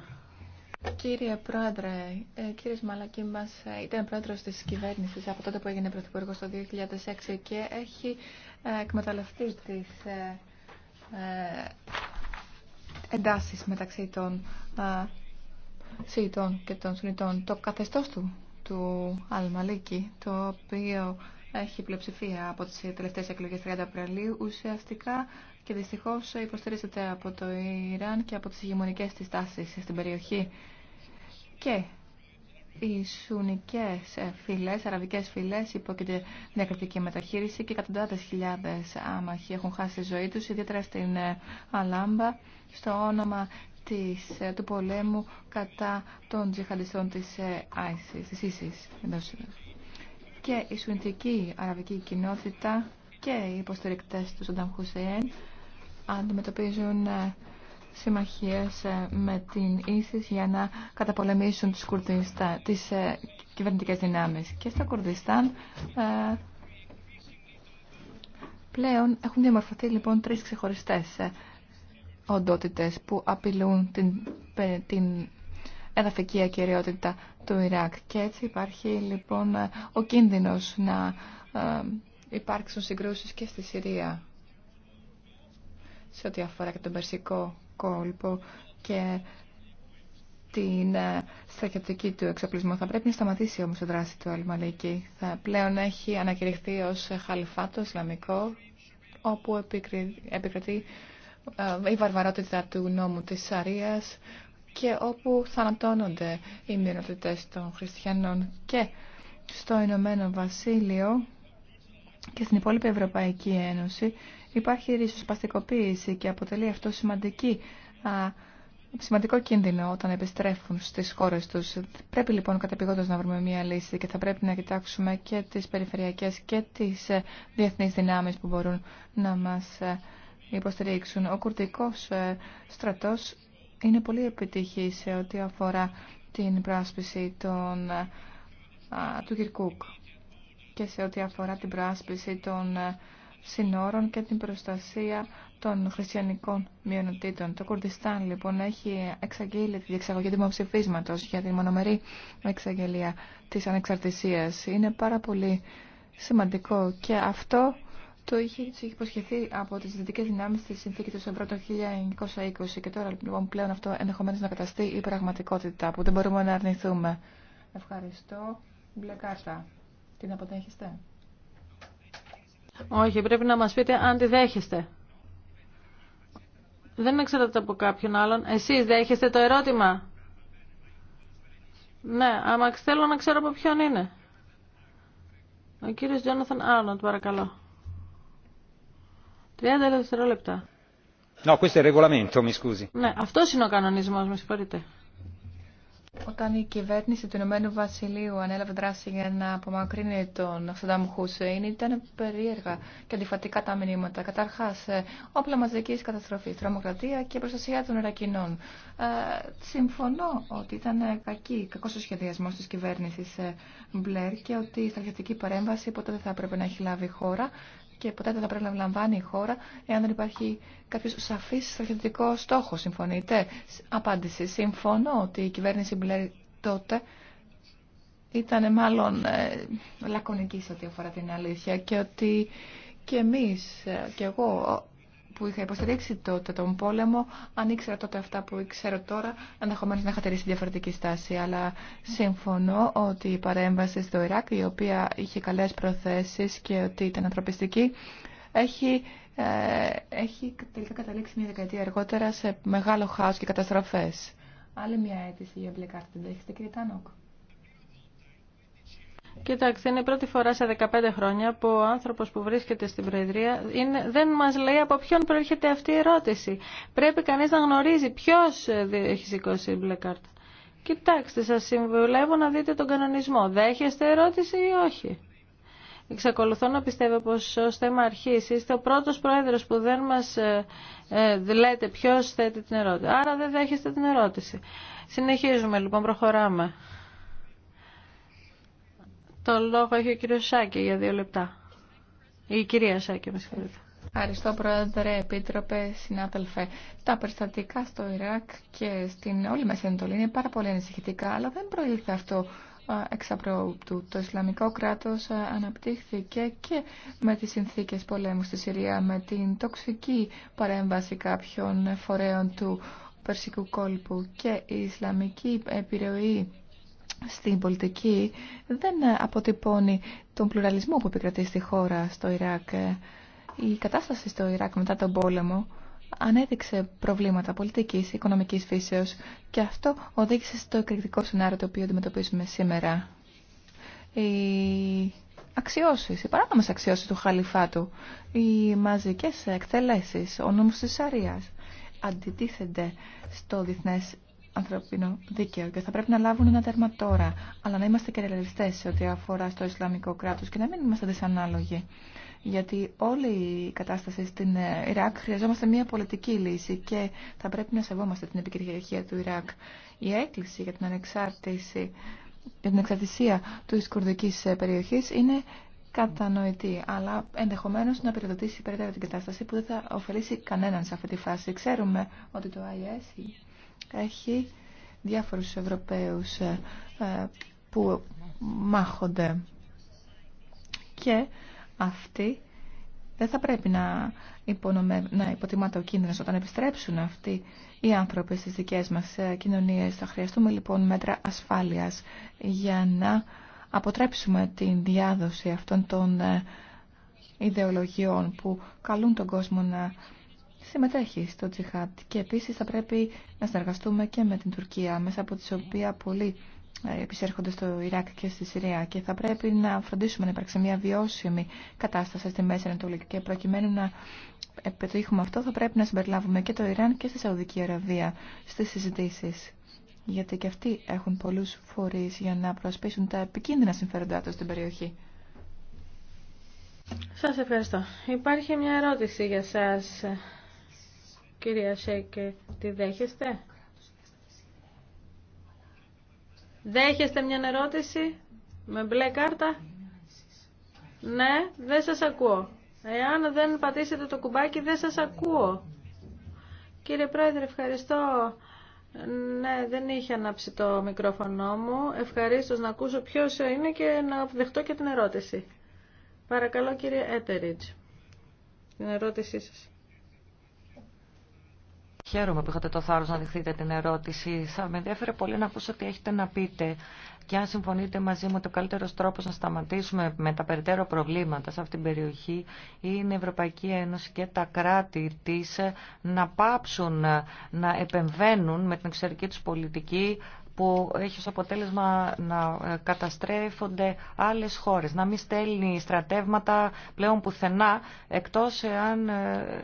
S4: Κύριε Πρόεδρε, ε, κύριε Μαλακή μα ε, ήταν πρόεδρο τη κυβέρνηση από τότε που έγινε πρωθυπουργό το 2006 και έχει ε, εκμεταλλευτεί τι ε, εντάσει μεταξύ των ε, ΣΥΙΤΟΝ και των ΣΥΝΙΤΟΝ. Το καθεστώς του, του Αλμαλίκη, το οποίο έχει πλειοψηφία από τι τελευταίε εκλογέ 30 Απριλίου, ουσιαστικά και δυστυχώ υποστηρίζεται από το Ιράν και από τι ηγεμονικέ τη τάσει στην περιοχή. Και οι σουνικέ φυλές, αραβικέ φυλέ, υπόκειται διακριτική μεταχείριση και εκατοντάδε χιλιάδε άμαχοι έχουν χάσει τη ζωή του, ιδιαίτερα στην Αλάμπα, στο όνομα της, του πολέμου κατά των τζιχαντιστών της ISIS, Και η σουνητική αραβική κοινότητα και οι υποστηρικτές του Σονταμ Χουσέν αντιμετωπίζουν ε, συμμαχίες ε, με την ίσης για να καταπολεμήσουν τους Κουρδιστά, τις ε, κυβερνητικές δυνάμεις. Και στο Κουρδιστάν πλέον έχουν διαμορφωθεί λοιπόν τρεις ξεχωριστές οντότητες που απειλούν την, την εδαφική ακεραιότητα του Ιράκ. Και έτσι υπάρχει λοιπόν ο κίνδυνος να υπάρξουν συγκρούσεις και στη Συρία σε ό,τι αφορά και τον περσικό κόλπο και την ε, στρατιωτική του εξοπλισμό. Θα πρέπει να σταματήσει όμως η δράση του Αλμαλίκη. Θα πλέον έχει ανακηρυχθεί ως χαλφάτο Ισλαμικό, όπου επικρατεί ε, η βαρβαρότητα του νόμου της Σαρίας και όπου θανατώνονται οι μειονότητες των χριστιανών και στο Ηνωμένο Βασίλειο και στην υπόλοιπη Ευρωπαϊκή Ένωση υπάρχει ριζοσπαστικοποίηση και αποτελεί αυτό σημαντική, σημαντικό κίνδυνο όταν επιστρέφουν στις χώρες τους. Πρέπει λοιπόν κατεπηγόντως να βρούμε μια λύση και θα πρέπει να κοιτάξουμε και τις περιφερειακές και τις ε, διεθνείς δυνάμεις που μπορούν να μας ε, υποστηρίξουν. Ο κουρτικός ε, στρατός είναι πολύ επιτυχή σε ό,τι αφορά την πράσπιση του Κυρκούκ και σε ό,τι αφορά την πράσπιση των συνόρων και την προστασία των χριστιανικών μειονοτήτων. Το Κουρδιστάν λοιπόν έχει εξαγγείλει τη διεξαγωγή δημοψηφίσματο για τη μονομερή εξαγγελία τη ανεξαρτησία. Είναι πάρα πολύ σημαντικό και αυτό το είχε, υποσχεθεί από τι δυτικέ δυνάμει στη συνθήκη του Σεμπρό το 1920 και τώρα λοιπόν πλέον αυτό ενδεχομένω να καταστεί η πραγματικότητα που δεν μπορούμε να αρνηθούμε. Ευχαριστώ. Μπλε κάρτα. Την αποτέχεστε. Όχι,
S1: πρέπει να μας πείτε αν τη δέχεστε. Δεν εξαρτάται από κάποιον άλλον. Εσείς δέχεστε το ερώτημα. Ναι, άμα θέλω να ξέρω από ποιον είναι. Ο κύριος Τζόναθαν Άρνοντ, παρακαλώ. 30 δευτερόλεπτα.
S5: No, questo è il regolamento, mi scusi.
S1: Ναι, αυτός είναι ο κανονισμός, με συγχωρείτε.
S4: Όταν η κυβέρνηση του Ηνωμένου Βασιλείου ανέλαβε δράση για να απομακρύνει τον Σαντάμ Χουσέιν, ήταν περίεργα και αντιφατικά τα μηνύματα. Καταρχά, ε, όπλα μαζική καταστροφή, τρομοκρατία και προστασία των ερακινών. Ε, συμφωνώ ότι ήταν κακή, κακό ο σχεδιασμό τη κυβέρνηση ε, Μπλερ και ότι η στρατιωτική παρέμβαση ποτέ δεν θα έπρεπε να έχει λάβει χώρα και ποτέ δεν θα πρέπει να λαμβάνει η χώρα εάν δεν υπάρχει κάποιο σαφή στρατιωτικό στόχο. Συμφωνείτε. Απάντηση. Συμφωνώ ότι η κυβέρνηση Μπλερ τότε ήταν μάλλον ε, λακωνική σε ό,τι αφορά την αλήθεια και ότι και εμείς ε, και εγώ που είχα υποστηρίξει τότε τον πόλεμο, αν ήξερα τότε αυτά που ξέρω τώρα, ενδεχομένω να είχα τελειώσει διαφορετική στάση. Αλλά συμφωνώ ότι η παρέμβαση στο Ιράκ, η οποία είχε καλέ προθέσει και ότι ήταν ανθρωπιστική, έχει, ε, έχει τελικά καταλήξει μια δεκαετία αργότερα σε μεγάλο χάο και καταστροφέ Άλλη μια αίτηση για μπλε κάρτα δεν έχετε κύριε Τάνοκ.
S1: Κοιτάξτε, είναι η πρώτη φορά σε 15 χρόνια που ο άνθρωπος που βρίσκεται στην Προεδρία είναι, δεν μας λέει από ποιον προέρχεται αυτή η ερώτηση. Πρέπει κανείς να γνωρίζει ποιος ε, έχει σηκώσει η μπλε κάρτα. Κοιτάξτε, σας συμβουλεύω να δείτε τον κανονισμό. Δέχεστε ερώτηση ή όχι. Εξακολουθώ να πιστεύω πως ως θέμα αρχή. είστε ο πρώτος πρόεδρος που δεν μας ε, ε, λέτε ποιος θέτει την ερώτηση. Άρα δεν δέχεστε την ερώτηση. Συνεχίζουμε λοιπόν, προχωράμε. Το λόγο έχει ο κύριο Σάκη για δύο λεπτά. Η κυρία
S4: Σάκη, με συγχωρείτε. Ευχαριστώ Πρόεδρε, Επίτροπε, συνάδελφε. Τα περιστατικά στο Ιράκ και στην όλη Μέση Ανατολή είναι πάρα πολύ ανησυχητικά, αλλά δεν προήλθε αυτό του. Το Ισλαμικό κράτος αναπτύχθηκε και με τις συνθήκες πολέμου στη Συρία, με την τοξική παρέμβαση κάποιων φορέων του Περσικού κόλπου και η Ισλαμική επιρροή στην πολιτική δεν αποτυπώνει τον πλουραλισμό που επικρατεί στη χώρα, στο Ιράκ. Η κατάσταση στο Ιράκ μετά τον πόλεμο ανέδειξε προβλήματα πολιτικής, οικονομικής φύσεως και αυτό οδήγησε στο εκρηκτικό σενάριο το οποίο αντιμετωπίζουμε σήμερα. Οι αξιώσεις, οι παράνομες αξιώσεις του χαλιφάτου, οι μαζικές εκτελέσεις, ο νόμος της Σαρίας αντιτίθενται στο διεθνέ ανθρωπίνο δίκαιο και θα πρέπει να λάβουν ένα τέρμα τώρα, αλλά να είμαστε και ρεαλιστέ σε ό,τι αφορά στο Ισλαμικό κράτο και να μην είμαστε δυσανάλογοι. Γιατί όλη η κατάσταση στην ε, Ιράκ χρειαζόμαστε μια πολιτική λύση και θα πρέπει να σεβόμαστε την επικυριαρχία του Ιράκ. Η έκκληση για την ανεξάρτηση για την εξαρτησία του κουρδικής ε, περιοχής είναι κατανοητή, αλλά ενδεχομένως να περιοδοτήσει περαιτέρω την κατάσταση που δεν θα ωφελήσει κανέναν σε αυτή τη φάση. Ξέρουμε ότι το IS έχει διάφορους Ευρωπαίους ε, ε, που μάχονται και αυτοί δεν θα πρέπει να, υπονομε... να υποτιμάται ο κίνδυνος όταν επιστρέψουν αυτοί οι άνθρωποι στις δικές μας ε, κοινωνίες. Θα χρειαστούμε λοιπόν μέτρα ασφάλειας για να αποτρέψουμε την διάδοση αυτών των ιδεολογιών που καλούν τον κόσμο να συμμετέχει στο τζιχάτ και επίσης θα πρέπει να συνεργαστούμε και με την Τουρκία μέσα από τις οποία πολλοί ε, επισέρχονται στο Ιράκ και στη Συρία και θα πρέπει να φροντίσουμε να υπάρξει μια βιώσιμη κατάσταση στη Μέση Ανατολή και προκειμένου να επιτύχουμε αυτό θα πρέπει να συμπεριλάβουμε και το Ιράν και στη Σαουδική Αραβία στις συζητήσεις γιατί και αυτοί έχουν πολλούς φορείς για να προσπίσουν τα επικίνδυνα συμφέροντά τους στην περιοχή.
S1: Σας ευχαριστώ. Υπάρχει μια ερώτηση για σας. Κυρία Σέικε, τη δέχεστε? Δέχεστε μια ερώτηση με μπλε κάρτα? Ναι, δεν σας ακούω. Εάν δεν πατήσετε το κουμπάκι δεν σας ακούω. Κύριε Πρόεδρε, ευχαριστώ. Ναι, δεν είχε ανάψει το μικρόφωνο μου. Ευχαρίστως να ακούσω ποιος είναι και να δεχτώ και την ερώτηση. Παρακαλώ κύριε Έτεριτς,
S2: την ερώτησή σας. Χαίρομαι που είχατε το θάρρος να δεχτείτε την ερώτηση. Θα με ενδιαφέρει πολύ να ακούσω τι έχετε να πείτε και αν συμφωνείτε μαζί μου ότι ο καλύτερο τρόπο να σταματήσουμε με τα περαιτέρω προβλήματα σε αυτή την περιοχή είναι η Ευρωπαϊκή Ένωση και τα κράτη τη να πάψουν να επεμβαίνουν με την εξωτερική του πολιτική που έχει ως αποτέλεσμα να καταστρέφονται άλλες χώρες, να μην στέλνει στρατεύματα πλέον πουθενά, εκτός εάν ε,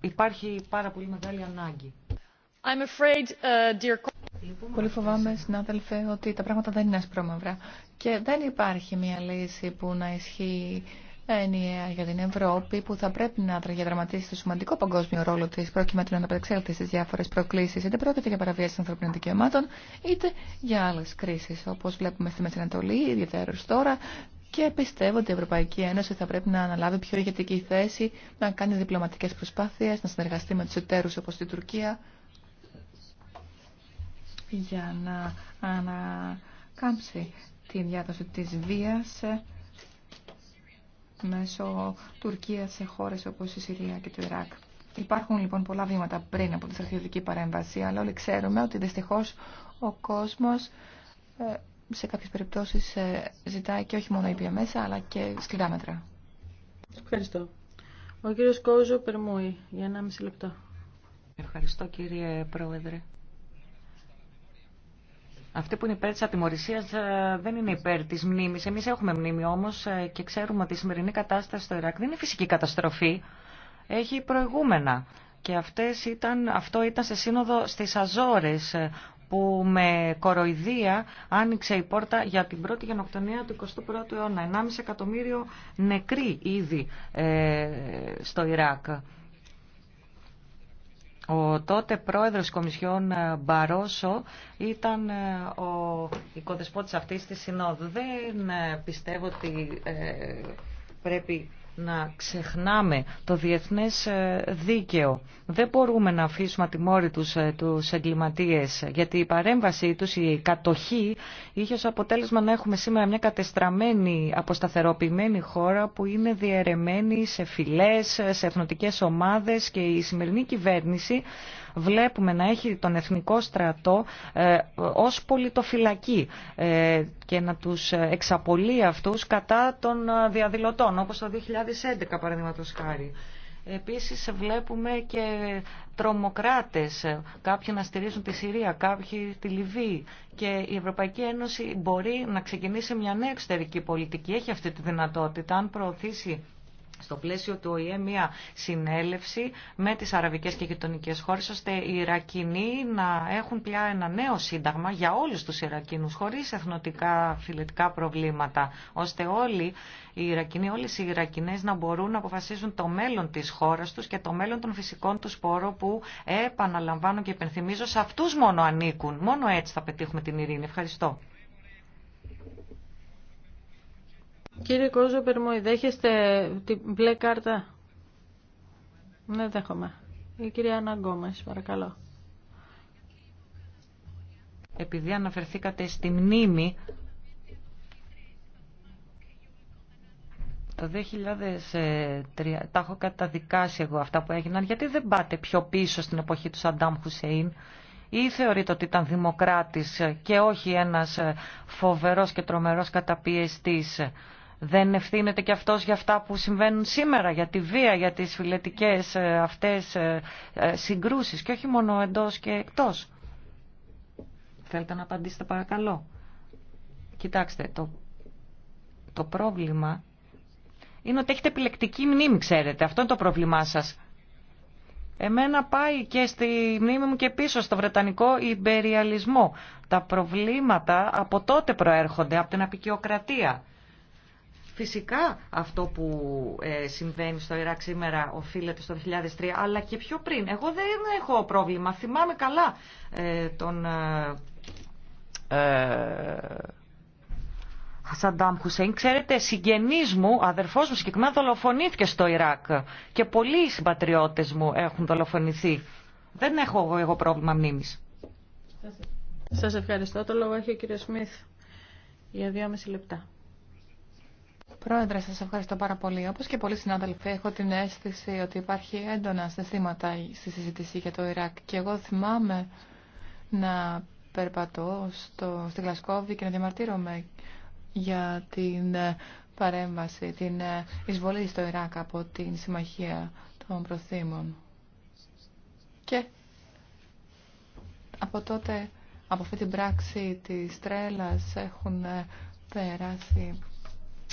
S2: υπάρχει πάρα πολύ μεγάλη ανάγκη.
S4: I'm afraid, uh, dear... Λοιπόν, πολύ φοβάμαι, συνάδελφε, ότι τα πράγματα δεν είναι ασπρόμαυρα και δεν υπάρχει μια λύση που να ισχύει ενιαία για την Ευρώπη που θα πρέπει να διαδραματίσει το σημαντικό παγκόσμιο ρόλο τη προκειμένου να ανταπεξέλθει στι διάφορε προκλήσει. Είτε πρόκειται για παραβίαση των ανθρωπίνων δικαιωμάτων, είτε για άλλε κρίσει. Όπω βλέπουμε στη Μέση Ανατολή, ιδιαίτερω τώρα, και πιστεύω ότι η Ευρωπαϊκή Ένωση θα πρέπει να αναλάβει πιο ηγετική θέση, να κάνει διπλωματικές προσπάθειες, να συνεργαστεί με τους εταίρους όπως την Τουρκία για να ανακάμψει τη διάδοση της βίας μέσω Τουρκίας σε χώρες όπως η Συρία και το Ιράκ. Υπάρχουν λοιπόν πολλά βήματα πριν από τη στρατιωτική παρέμβαση, αλλά όλοι ξέρουμε ότι δυστυχώς ο κόσμος ε, σε κάποιες περιπτώσεις ε, ζητάει και όχι μόνο ήπια μέσα, αλλά και σκληρά μέτρα.
S1: Ευχαριστώ. Ο κύριος Κόζο Περμούη, για 1,5 λεπτό.
S2: Ευχαριστώ κύριε Πρόεδρε. Αυτοί που είναι υπέρ τη ατιμορρησία ε, δεν είναι υπέρ της μνήμης. Εμείς έχουμε μνήμη όμως, ε, και ξέρουμε ότι η σημερινή κατάσταση στο Ιράκ δεν είναι φυσική καταστροφή. Έχει προηγούμενα. Και αυτές ήταν, αυτό ήταν σε σύνοδο στις Αζόρες που με κοροϊδία άνοιξε η πόρτα για την πρώτη γενοκτονία του 21ου αιώνα. 1,5 εκατομμύριο νεκροί ήδη ε, στο Ιράκ. Ο τότε πρόεδρος της Κομισιόν ε, Μπαρόσο ήταν ε, ο οικοδεσπότης αυτής της Συνόδου. Δεν πιστεύω ότι πρέπει να ξεχνάμε το διεθνές ε, δίκαιο. Δεν μπορούμε να αφήσουμε τους ε, τους εγκληματίες, γιατί η παρέμβασή τους, η κατοχή, είχε ως αποτέλεσμα να έχουμε σήμερα μια κατεστραμμένη, αποσταθεροποιημένη χώρα που είναι διαιρεμένη σε φυλές, σε εθνοτικές ομάδες και η σημερινή κυβέρνηση βλέπουμε να έχει τον εθνικό στρατό ε, ως πολιτοφυλακή ε, και να τους εξαπολύει αυτούς κατά των ε, διαδηλωτών, όπως το 2011 παραδείγματος χάρη. Επίσης βλέπουμε και τρομοκράτες, κάποιοι να στηρίζουν τη Συρία, κάποιοι τη Λιβύη και η Ευρωπαϊκή Ένωση μπορεί να ξεκινήσει μια νέα εξωτερική πολιτική, έχει αυτή τη δυνατότητα αν προωθήσει στο πλαίσιο του ΟΗΕ μια συνέλευση με τις αραβικές και γειτονικέ χώρες ώστε οι Ιρακινοί να έχουν πια ένα νέο σύνταγμα για όλους τους Ιρακινούς χωρίς εθνοτικά φιλετικά προβλήματα ώστε όλοι οι Ιρακινοί, όλες οι Ιρακινές να μπορούν να αποφασίσουν το μέλλον της χώρας τους και το μέλλον των φυσικών τους πόρων που επαναλαμβάνω και υπενθυμίζω σε αυτούς μόνο ανήκουν. Μόνο έτσι θα πετύχουμε την ειρήνη. Ευχαριστώ.
S1: Κύριε Κόζο Περμόη, δέχεστε την μπλε κάρτα.
S2: Ναι, δέχομαι.
S1: Η κυρία Αναγκόμα, παρακαλώ.
S2: Επειδή αναφερθήκατε στη μνήμη, το 2003 τα έχω καταδικάσει εγώ αυτά που έγιναν. Γιατί δεν πάτε πιο πίσω στην εποχή του Σαντάμ Χουσέιν ή θεωρείτε ότι ήταν δημοκράτης και όχι ένας φοβερός και τρομερός καταπιεστής δεν ευθύνεται και αυτός για αυτά που συμβαίνουν σήμερα, για τη βία, για τις φιλετικές ε, αυτές ε, ε, συγκρούσεις και όχι μόνο εντός και εκτός. Θέλετε να απαντήσετε παρακαλώ. Κοιτάξτε, το, το πρόβλημα είναι ότι έχετε επιλεκτική μνήμη, ξέρετε. Αυτό είναι το πρόβλημά σας. Εμένα πάει και στη μνήμη μου και πίσω στο βρετανικό υπεριαλισμό. Τα προβλήματα από τότε προέρχονται, από την απεικιοκρατία. Φυσικά αυτό που ε, συμβαίνει στο Ιράκ σήμερα οφείλεται στο 2003, αλλά και πιο πριν. Εγώ δεν έχω πρόβλημα. Θυμάμαι καλά ε, τον ε, Σαντάμ Χουσέιν. Ξέρετε, συγγενής μου, αδερφός μου συγκεκριμένα δολοφονήθηκε στο Ιράκ και πολλοί συμπατριώτες μου έχουν δολοφονηθεί. Δεν έχω εγώ πρόβλημα μνήμης.
S1: Σας ευχαριστώ. Το λόγο έχει ο κύριος Σμιθ για μισή λεπτά.
S4: Πρόεδρε, σας ευχαριστώ πάρα πολύ. Όπω και πολλοί συνάδελφοι, έχω την αίσθηση ότι υπάρχει έντονα σύστηματα στη συζήτηση για το Ιράκ. Και εγώ θυμάμαι να περπατώ στο, στη και να διαμαρτύρομαι για την ε, παρέμβαση, την ε, εισβολή στο Ιράκ από την Συμμαχία των Προθήμων. Και από τότε, από αυτή την πράξη της τρέλας έχουν ε, περάσει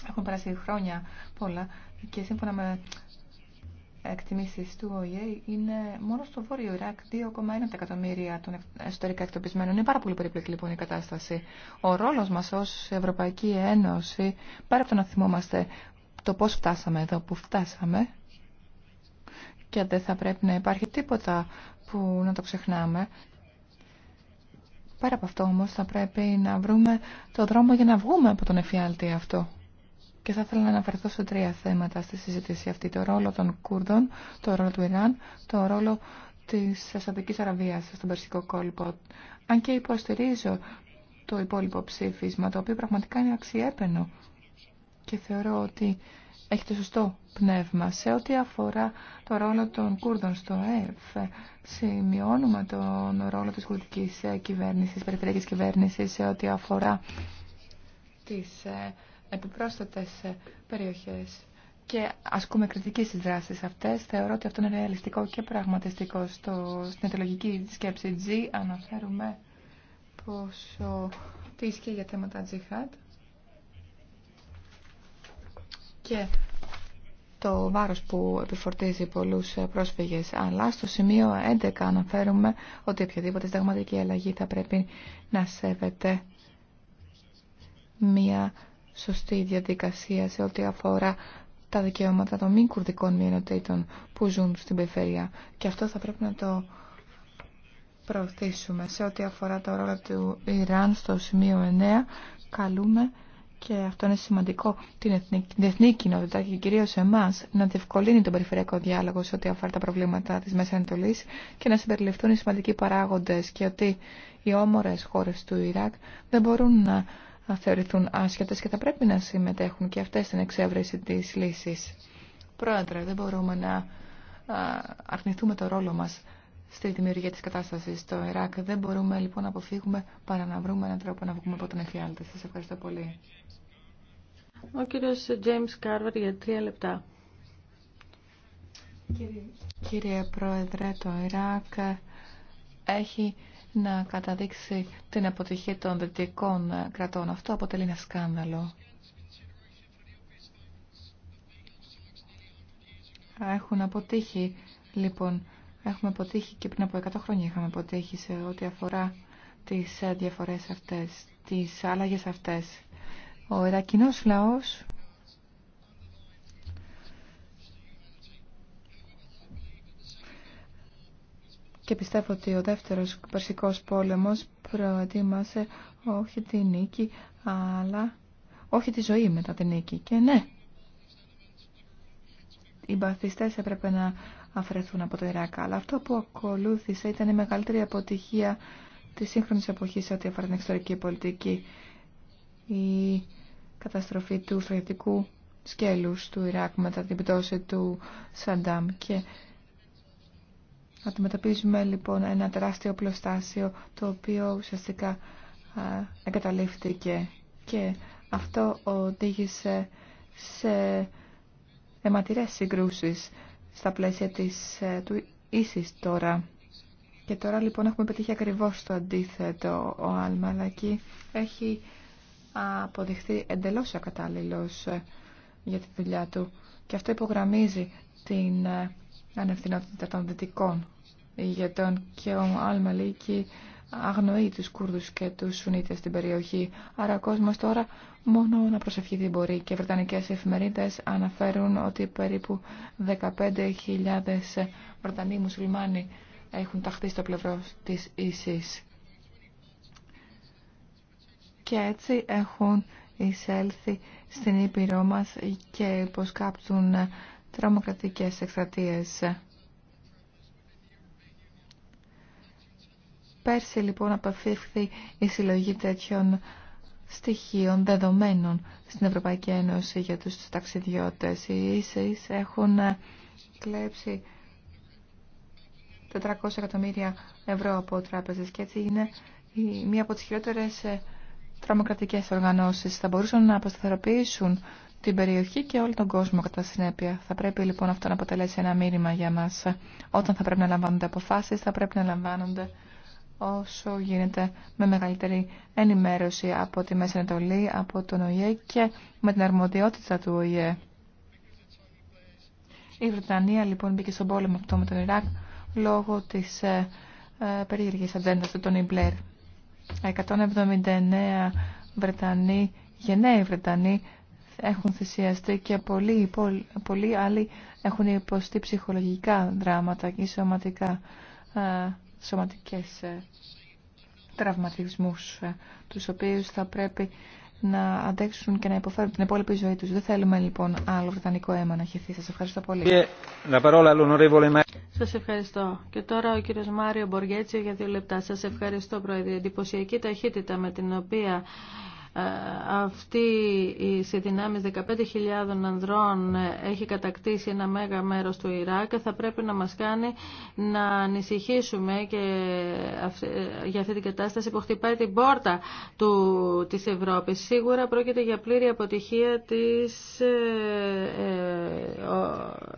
S4: έχουν περάσει χρόνια πολλά και σύμφωνα με εκτιμήσει του ΟΗΕ είναι μόνο στο Βόρειο Ιράκ 2,1 εκατομμύρια των εσωτερικά εκτοπισμένων. Είναι πάρα πολύ περίπλοκη λοιπόν η κατάσταση. Ο ρόλο μα ω Ευρωπαϊκή Ένωση, πέρα από το να θυμόμαστε το πώ φτάσαμε εδώ που φτάσαμε και δεν θα πρέπει να υπάρχει τίποτα που να το ξεχνάμε. Πέρα από αυτό όμως θα πρέπει να βρούμε το δρόμο για να βγούμε από τον εφιάλτη αυτό. Και θα ήθελα να αναφερθώ σε τρία θέματα στη συζήτηση αυτή. Το ρόλο των Κούρδων, το ρόλο του Ιράν, το ρόλο τη Ασαντική Αραβία στον Περσικό κόλπο. Αν και υποστηρίζω το υπόλοιπο ψήφισμα, το οποίο πραγματικά είναι αξιέπαινο και θεωρώ ότι έχει το σωστό πνεύμα. Σε ό,τι αφορά το ρόλο των Κούρδων στο ΕΕΦ, σημειώνουμε τον ρόλο της κουρδικής ε, κυβέρνησης, περιφερειακής κυβέρνησης, σε ό,τι αφορά τις ε, επιπρόσθετες ε, περιοχές και ασκούμε κριτική στις δράσεις αυτές, θεωρώ ότι αυτό είναι ρεαλιστικό και πραγματιστικό. Στο, στην αιτηλογική σκέψη G αναφέρουμε πόσο τι ισχύει για θέματα τζιχάτ και το βάρος που επιφορτίζει πολλούς ε, πρόσφυγες. Αλλά στο σημείο 11 αναφέρουμε ότι οποιαδήποτε συνταγματική αλλαγή θα πρέπει να σέβεται μία σωστή διαδικασία σε ό,τι αφορά τα δικαιώματα των μη κουρδικών μειονοτήτων που ζουν στην περιφέρεια. Και αυτό θα πρέπει να το προωθήσουμε. Σε ό,τι αφορά το ρόλο του Ιράν στο σημείο 9, καλούμε και αυτό είναι σημαντικό την εθνική, την εθνική κοινότητα και κυρίω εμά να διευκολύνει τον περιφερειακό διάλογο σε ό,τι αφορά τα προβλήματα τη Μέση Ανατολή και να συμπεριληφθούν οι σημαντικοί παράγοντε και ότι οι όμορε χώρε του Ιράκ δεν μπορούν να θα θεωρηθούν άσχετες και θα πρέπει να συμμετέχουν και αυτές στην εξέβρεση της λύσης. Πρόεδρε, δεν μπορούμε να αρνηθούμε το ρόλο μας στη δημιουργία της κατάστασης στο Ιράκ. Δεν μπορούμε λοιπόν να αποφύγουμε παρά να βρούμε έναν τρόπο να βγούμε από τον εφιάλτη. Σας ευχαριστώ πολύ.
S1: Ο κύριος James Carver για τρία λεπτά.
S4: Κύριε Πρόεδρε, το Ιράκ έχει να καταδείξει την αποτυχία των δυτικών κρατών. Αυτό αποτελεί ένα σκάνδαλο. Έχουν αποτύχει, λοιπόν, έχουμε αποτύχει και πριν από 100 χρόνια είχαμε αποτύχει σε ό,τι αφορά τις ε, διαφορές αυτές, τις άλλαγες αυτές. Ο Ιρακινός λαός και πιστεύω ότι ο δεύτερος Περσικός πόλεμος προετοίμασε όχι τη νίκη, αλλά όχι τη ζωή μετά τη νίκη. Και ναι, οι μπαθιστές έπρεπε να αφαιρεθούν από το Ιράκ, αλλά αυτό που ακολούθησε ήταν η μεγαλύτερη αποτυχία της σύγχρονης εποχής σε ό,τι αφορά την εξωτερική πολιτική. Η καταστροφή του στρατιωτικού σκέλους του Ιράκ μετά την πτώση του Σαντάμ και Αντιμετωπίζουμε λοιπόν ένα τεράστιο πλωστάσιο το οποίο ουσιαστικά εγκαταλείφθηκε και αυτό οδήγησε σε αιματηρές συγκρούσεις στα πλαίσια της, ε, του ίσης τώρα. Και τώρα λοιπόν έχουμε πετύχει ακριβώς το αντίθετο. Ο Αλμαλακή έχει αποδειχθεί εντελώς ακατάλληλος ε, για τη δουλειά του και αυτό υπογραμμίζει την ε, ανευθυνότητα των δυτικών ηγετών και ο Αλμαλίκη αγνοεί τους Κούρδους και τους Σουνίτες στην περιοχή. Άρα ο κόσμος τώρα μόνο να προσευχηθεί μπορεί και οι Βρετανικές εφημερίδες αναφέρουν ότι περίπου 15.000 Βρετανοί μουσουλμάνοι έχουν ταχθεί στο πλευρό της ίσης. Και έτσι έχουν εισέλθει στην Ήπειρό μας και υποσκάπτουν τρομοκρατικές εκστρατείες. Πέρσι λοιπόν αποφύχθη η συλλογή τέτοιων στοιχείων δεδομένων στην Ευρωπαϊκή Ένωση για τους ταξιδιώτες. Οι ίσες έχουν κλέψει 400 εκατομμύρια ευρώ από τράπεζες και έτσι είναι μία από τις χειρότερες ε, τρομοκρατικές οργανώσεις. Θα μπορούσαν να αποσταθεροποιήσουν την περιοχή και όλο τον κόσμο κατά συνέπεια. Θα πρέπει λοιπόν αυτό να αποτελέσει ένα μήνυμα για μα, Όταν θα πρέπει να λαμβάνονται αποφάσεις, θα πρέπει να λαμβάνονται όσο γίνεται με μεγαλύτερη ενημέρωση από τη Μέση Ανατολή, από τον ΟΗΕ και με την αρμοδιότητα του ΟΗΕ. Η Βρετανία λοιπόν μπήκε στον πόλεμο αυτό με τον Ιράκ λόγω της ε, ε, περίεργης του Τόνι Μπλερ. 179 Βρετανοί, γενναίοι Βρετανοί, έχουν θυσιαστεί και πολλοί, πολλοί άλλοι έχουν υποστεί ψυχολογικά δράματα ή σωματικά, ε, σωματικές ε, τραυματισμούς, ε, τους οποίους θα πρέπει να αντέξουν και να υποφέρουν την υπόλοιπη ζωή τους. Δεν θέλουμε λοιπόν άλλο βρετανικό αίμα να χυθεί. Σας ευχαριστώ πολύ.
S1: Σας ευχαριστώ. Και τώρα ο κύριος Μάριο Μποργέτσιο για δύο λεπτά. Σας ευχαριστώ Πρόεδρε. Εντυπωσιακή ταχύτητα με την οποία αυτή σε δυνάμεις 15.000 ανδρών έχει κατακτήσει ένα μέγα μέρος του Ιράκ θα πρέπει να μας κάνει να ανησυχήσουμε και για αυτή την κατάσταση που χτυπάει την πόρτα του, της Ευρώπης. Σίγουρα πρόκειται για πλήρη αποτυχία της ε, ε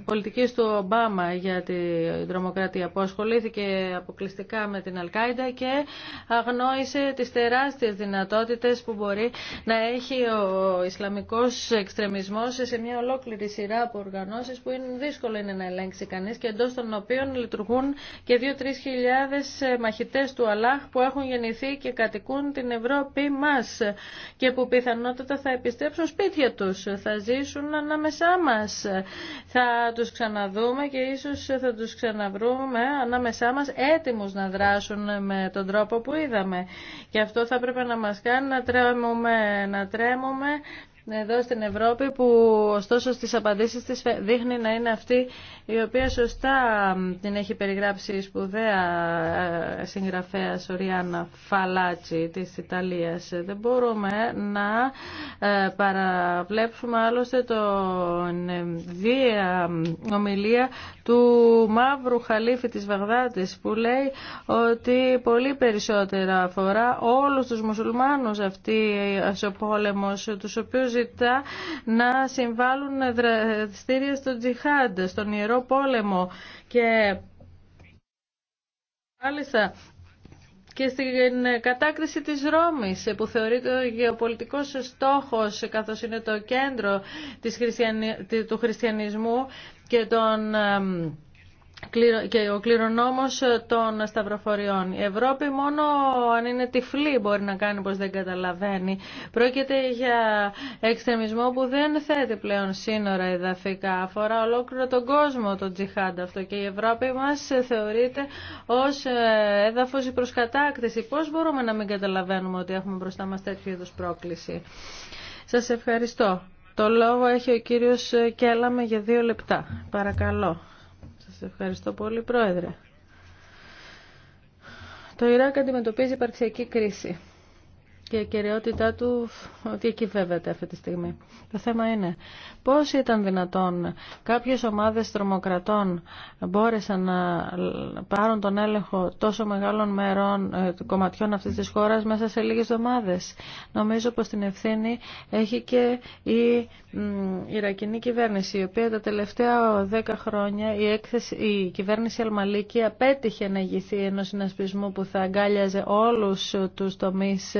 S1: πολιτικής του Ομπάμα για την τρομοκρατία που ασχολήθηκε αποκλειστικά με την Αλκάιντα και αγνόησε τις τεράστιες δυνατότητες που μπορεί να έχει ο Ισλαμικός εξτρεμισμός σε μια ολόκληρη σειρά από οργανώσεις που είναι δύσκολο είναι να ελέγξει κανείς και εντός των οποίων λειτουργούν και 2-3 χιλιάδες μαχητές του Αλάχ που έχουν γεννηθεί και κατοικούν την Ευρώπη μας και που πιθανότατα θα επιστρέψουν σπίτια τους, θα ζήσουν ανάμεσά μας. Θα τους ξαναδούμε και ίσως θα τους ξαναβρούμε ανάμεσά μας έτοιμους να δράσουν με τον τρόπο που είδαμε. Και αυτό θα πρέπει να μας κάνει να τρέμε τρέμομαι, να τρέμουμε εδώ στην Ευρώπη που ωστόσο στις απαντήσεις της δείχνει να είναι αυτή η οποία σωστά την έχει περιγράψει η σπουδαία ε, συγγραφέα Σοριάννα Φαλάτσι της Ιταλίας. Δεν μπορούμε να ε, παραβλέψουμε άλλωστε τον ε, βία ομιλία του μαύρου χαλίφη της Βαγδάτης που λέει ότι πολύ περισσότερα αφορά όλους τους μουσουλμάνους αυτή ο πόλεμος τους οποίους ζητά να συμβάλλουν δραστήρια στο τζιχάντ, στον Ιερό Πόλεμο και μάλιστα και στην κατάκριση της Ρώμης που θεωρείται ο γεωπολιτικός στόχος καθώς είναι το κέντρο της του χριστιανισμού και των και ο κληρονόμος ε, των σταυροφοριών. Η Ευρώπη μόνο αν είναι τυφλή μπορεί να κάνει πως δεν καταλαβαίνει. Πρόκειται για εξτρεμισμό που δεν θέτει πλέον σύνορα εδαφικά. Αφορά ολόκληρο τον κόσμο τον τζιχάντα αυτό και η Ευρώπη μας ε, θεωρείται ως ε, έδαφος η προσκατάκτηση. Πώς μπορούμε να μην καταλαβαίνουμε ότι έχουμε μπροστά μας τέτοιου είδους πρόκληση. Σας ευχαριστώ. Το λόγο έχει ο κύριος Κέλαμε για δύο λεπτά. Παρακαλώ. Σας ευχαριστώ πολύ, Πρόεδρε. Το Ιράκ αντιμετωπίζει υπαρξιακή κρίση και η κυριότητά του διακυβεύεται αυτή τη στιγμή. Το θέμα είναι πώς ήταν δυνατόν κάποιες ομάδες τρομοκρατών μπόρεσαν να πάρουν τον έλεγχο τόσο μεγάλων μερών ε, κομματιών αυτής της χώρας μέσα σε λίγες εβδομάδες. Νομίζω πως την ευθύνη έχει και η Ιρακινή κυβέρνηση, η οποία τα τελευταία δέκα χρόνια η, η κυβέρνηση Αλμαλίκη απέτυχε να ηγηθεί ενός συνασπισμού που θα αγκάλιαζε όλους τους τομείς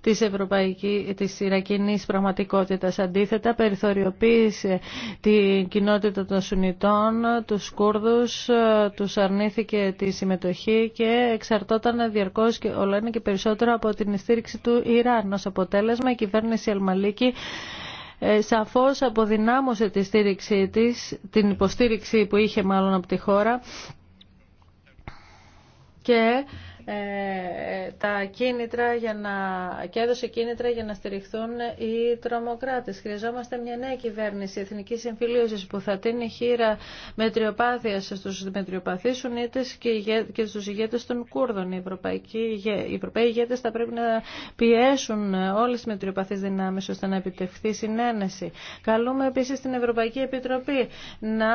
S1: της, ευρωπαϊκής, της Ιρακινής πραγματικότητας. Αντίθετα, περιθωριοποίησε την κοινότητα των Σουνιτών, τους Κούρδους, τους αρνήθηκε τη συμμετοχή και εξαρτόταν διαρκώς και όλο και περισσότερο από την στήριξη του Ιράν. Ως αποτέλεσμα, η κυβέρνηση Αλμαλίκη ε, σαφώς αποδυνάμωσε τη στήριξή της, την υποστήριξη που είχε μάλλον από τη χώρα και ε, τα κίνητρα για να, και έδωσε κίνητρα για να στηριχθούν οι τρομοκράτες. Χρειαζόμαστε μια νέα κυβέρνηση εθνική εμφυλίωσης που θα τίνει χείρα μετριοπάθεια στους μετριοπαθείς Σουνίτες και, και στους ηγέτες των Κούρδων. Οι, Ευρωπαϊκοί, οι Ευρωπαίοι ηγέτε θα πρέπει να πιέσουν όλε τι μετριοπαθεί δυνάμει ώστε να επιτευχθεί συνένεση. Καλούμε επίση την Ευρωπαϊκή Επιτροπή να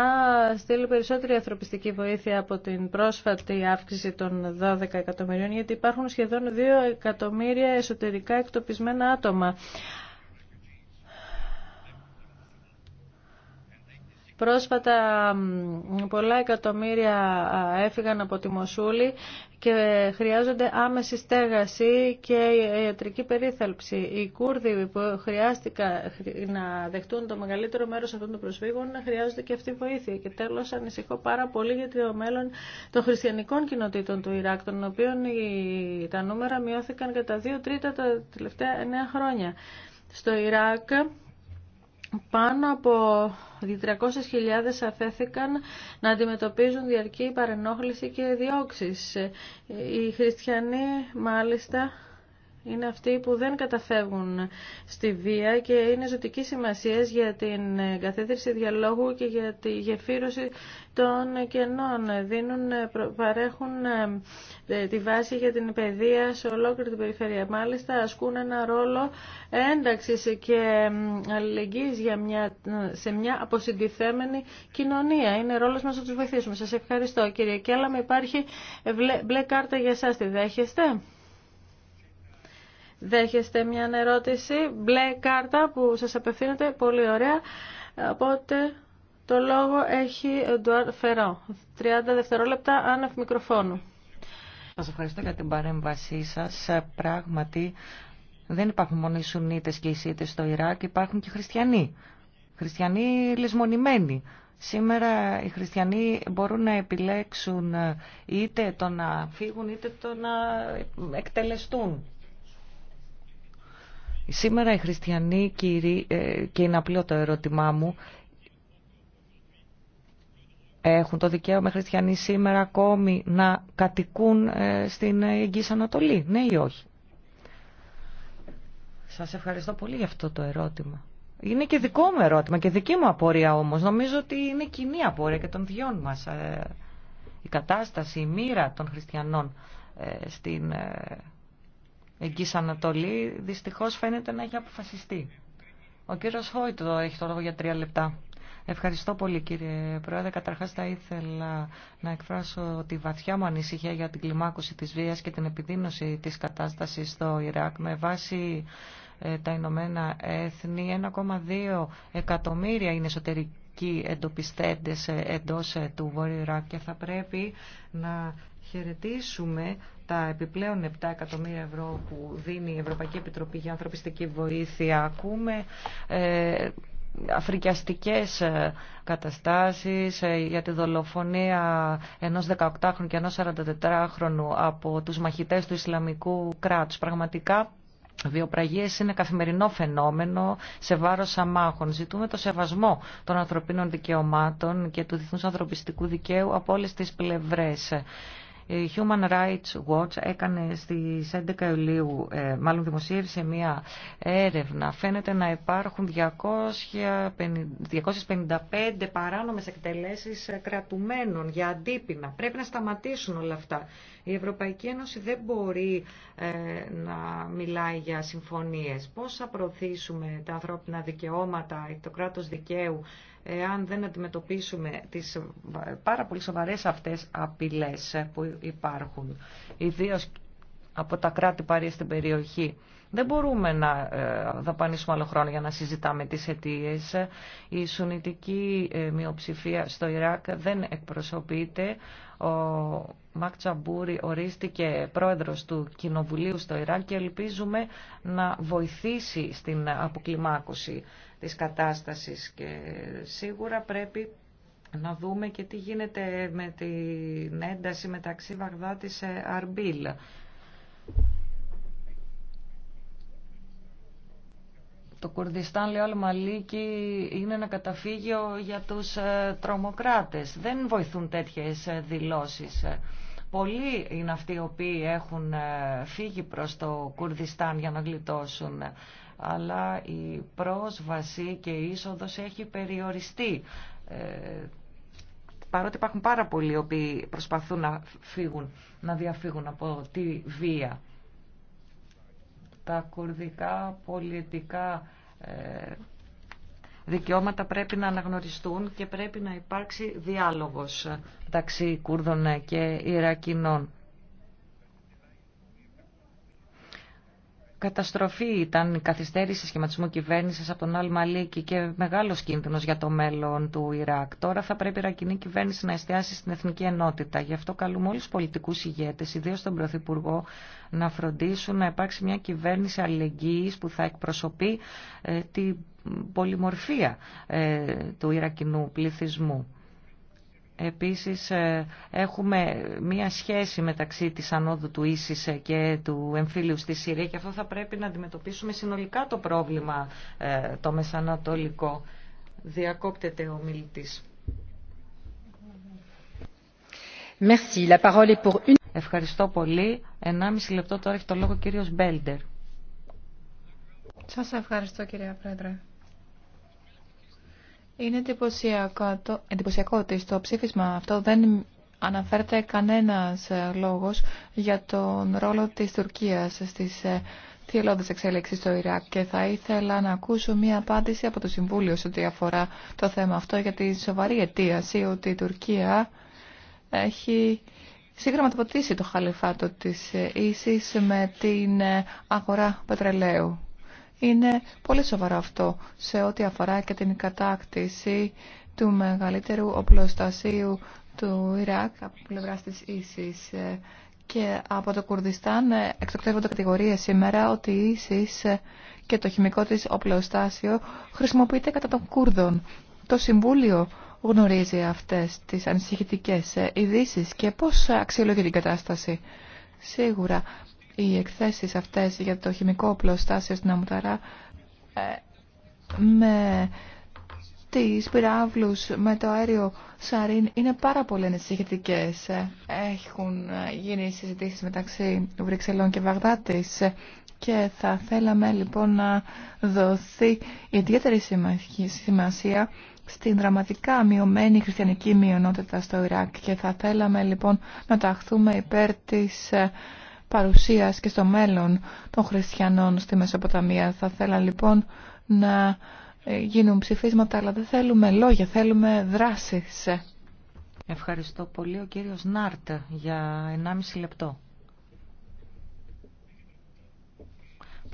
S1: στείλει περισσότερη ανθρωπιστική βοήθεια από την πρόσφατη αύξηση των 12 εκατομμυρίων γιατί υπάρχουν σχεδόν 2 εκατομμύρια εσωτερικά εκτοπισμένα άτομα. Πρόσφατα πολλά εκατομμύρια έφυγαν από τη Μοσούλη και χρειάζονται άμεση στέγαση και ιατρική περίθαλψη. Οι Κούρδοι που χρειάστηκαν να δεχτούν το μεγαλύτερο μέρος αυτών των προσφύγων χρειάζονται και αυτή η βοήθεια. Και τέλος ανησυχώ πάρα πολύ για το μέλλον των χριστιανικών κοινοτήτων του Ιράκ, των οποίων τα νούμερα μειώθηκαν κατά δύο τρίτα τα τελευταία εννέα χρόνια. Στο Ιράκ πάνω από 300.000 αφέθηκαν να αντιμετωπίζουν διαρκή παρενόχληση και διώξεις. Οι χριστιανοί μάλιστα είναι αυτοί που δεν καταφεύγουν στη βία και είναι ζωτική σημασία για την καθίδρυση διαλόγου και για τη γεφύρωση των κενών. Δίνουν, παρέχουν ε, τη βάση για την παιδεία σε ολόκληρη την περιφέρεια. Μάλιστα ασκούν ένα ρόλο ένταξης και αλληλεγγύης μια, σε μια αποσυντηθέμενη κοινωνία. Είναι ρόλος μας να τους βοηθήσουμε. Σας ευχαριστώ κύριε Κέλα. Υπάρχει ε, μπλε κάρτα για εσάς. Τη δέχεστε. Δέχεστε μια ερώτηση. Μπλε κάρτα που σας απευθύνεται. Πολύ ωραία. Οπότε το λόγο έχει ο Ντουάρ Φερό.
S2: 30 δευτερόλεπτα άνευ μικροφώνου. Σας ευχαριστώ για την παρέμβασή σας. Πράγματι δεν υπάρχουν μόνο οι Σουνίτες και οι στο Ιράκ, υπάρχουν και χριστιανοί. Χριστιανοί λησμονημένοι. Σήμερα οι χριστιανοί μπορούν να επιλέξουν είτε το να φύγουν είτε το να εκτελεστούν. Σήμερα οι χριστιανοί, κύριοι, ε, και είναι απλό το ερώτημά μου, έχουν το δικαίωμα οι χριστιανοί σήμερα ακόμη να κατοικούν ε, στην Εγγύης Ανατολή, ναι ή όχι. Σας ευχαριστώ πολύ για αυτό το ερώτημα. Είναι και δικό μου ερώτημα και δική μου απορία όμως. Νομίζω ότι είναι κοινή απορία και των δυο μας. Ε, η κατάσταση, η μοίρα των χριστιανών στην στην Ανατολή δυστυχώ φαίνεται να έχει αποφασιστεί. Ο κύριος Χόιτο έχει το λόγο για τρία λεπτά. Ευχαριστώ πολύ κύριε Πρόεδρε. Καταρχάς θα ήθελα να εκφράσω τη βαθιά μου ανησυχία για την κλιμάκωση της βίας και την επιδείνωση της κατάστασης στο Ιράκ με βάση ε, τα Ηνωμένα Έθνη 1,2 εκατομμύρια είναι εσωτερικοί εντοπιστέντες ε, εντός ε, του Βόρειου Ιράκ και θα πρέπει να χαιρετήσουμε τα επιπλέον 7 εκατομμύρια ευρώ που δίνει η Ευρωπαϊκή Επιτροπή για Ανθρωπιστική Βοήθεια ακούμε ε, αφρικιαστικές ε, καταστάσεις ε, για τη δολοφονία ενός 18χρονου και ενός 44χρονου από τους μαχητές του Ισλαμικού κράτους. Πραγματικά Βιοπραγίες είναι καθημερινό φαινόμενο σε βάρος αμάχων. Ζητούμε το σεβασμό των ανθρωπίνων δικαιωμάτων και του διεθνούς ανθρωπιστικού δικαίου από όλες τις πλευρές. Η ε, Human Rights Watch έκανε στις 11 Ιουλίου, ε, μάλλον δημοσίευσε μία έρευνα. Φαίνεται να υπάρχουν 255 παράνομες εκτελέσεις ε, κρατουμένων για αντίπεινα. Πρέπει να σταματήσουν όλα αυτά. Η Ευρωπαϊκή Ένωση δεν μπορεί να μιλάει για συμφωνίες. Πώς θα προωθήσουμε τα ανθρώπινα δικαιώματα, το κράτος δικαίου εάν δεν αντιμετωπίσουμε τις πάρα πολύ σοβαρές αυτές απειλές που υπάρχουν, ιδίω από τα κράτη παρή στην περιοχή. Δεν μπορούμε να ε, δαπανίσουμε άλλο χρόνο για να συζητάμε τις αιτίε. Η σουνητική ε, μειοψηφία στο Ιράκ δεν εκπροσωπείται. Ο Μακ Τσαμπούρη ορίστηκε πρόεδρος του Κοινοβουλίου στο Ιράκ και ελπίζουμε να βοηθήσει στην αποκλιμάκωση της κατάστασης και σίγουρα πρέπει να δούμε και τι γίνεται με την ένταση μεταξύ Βαγδάτη και ε, Αρμπίλ. Το Κουρδιστάν, λέει ο Μαλίκη, είναι ένα καταφύγιο για τους ε, τρομοκράτες. Δεν βοηθούν τέτοιες ε, δηλώσεις. Πολλοί είναι αυτοί οι οποίοι έχουν φύγει προς το Κουρδιστάν για να γλιτώσουν αλλά η πρόσβαση και η είσοδος έχει περιοριστεί. Ε, παρότι υπάρχουν πάρα πολλοί οποίοι προσπαθούν να, φύγουν, να διαφύγουν από τη βία. Τα κουρδικά πολιτικά ε, δικαιώματα πρέπει να αναγνωριστούν και πρέπει να υπάρξει διάλογος μεταξύ Κούρδων και Ιρακινών. Καταστροφή ήταν η καθυστέρηση σχηματισμού κυβέρνησης από τον Αλμαλίκη και μεγάλος κίνδυνος για το μέλλον του Ιράκ. Τώρα θα πρέπει η Ιρακινή κυβέρνηση να εστιάσει στην εθνική ενότητα. Γι' αυτό καλούμε όλους του πολιτικού ηγέτες, ιδίω τον Πρωθυπουργό, να φροντίσουν να υπάρξει μια κυβέρνηση αλληλεγγύη που θα εκπροσωπεί ε, την πολυμορφία ε, του Ιρακινού πληθυσμού. Επίσης ε, έχουμε μία σχέση μεταξύ της ανόδου του Ίσης ε, και του εμφύλιου στη Συρία και αυτό θα πρέπει να αντιμετωπίσουμε συνολικά το πρόβλημα ε, το μεσανατολικό. Διακόπτεται ο μιλητής. Ευχαριστώ πολύ. 1,5 λεπτό τώρα έχει
S4: το λόγο ο κύριος Μπέλντερ. Σας ευχαριστώ κυρία Πρόεδρε. Είναι εντυπωσιακό, το, εντυπωσιακό ότι στο ψήφισμα αυτό δεν αναφέρεται κανένας ε, λόγος για τον ρόλο της Τουρκίας στις ε, θυελώδες εξέλιξεις στο Ιράκ και θα ήθελα να ακούσω μία απάντηση από το Συμβούλιο σε ό,τι αφορά το θέμα αυτό για τη σοβαρή αιτίαση ότι η Τουρκία έχει συγγραμματοποτήσει το χαλιφάτο της ε, ίσης με την αγορά πετρελαίου. Είναι πολύ σοβαρό αυτό σε ό,τι αφορά και την κατάκτηση του μεγαλύτερου οπλοστασίου του Ιράκ από πλευρά τη ΙΣΙΣ. Και από το Κουρδιστάν εκτοκτεύονται κατηγορίες σήμερα ότι η ΙΣΙΣ και το χημικό της οπλοστάσιο χρησιμοποιείται κατά των Κούρδων. Το Συμβούλιο γνωρίζει αυτές τις ανησυχητικές ειδήσει και πώς αξιολογεί την κατάσταση. Σίγουρα οι εκθέσεις αυτές για το χημικό πλωστάσιο στην Αμουταρά ε, με τις πυράβλους με το αέριο Σαρίν είναι πάρα πολύ Έχουν γίνει συζητήσει μεταξύ Βρυξελών και Βαγδάτης και θα θέλαμε λοιπόν να δοθεί ιδιαίτερη σημασία στην δραματικά μειωμένη χριστιανική μειονότητα στο Ιράκ και θα θέλαμε λοιπόν να ταχθούμε υπέρ της ε, παρουσίας και στο μέλλον των χριστιανών στη Μεσοποταμία. Θα θέλα λοιπόν να ε, γίνουν ψηφίσματα, αλλά δεν θέλουμε λόγια, θέλουμε δράσεις.
S2: Ευχαριστώ πολύ ο κύριος Νάρτ για 1,5 λεπτό.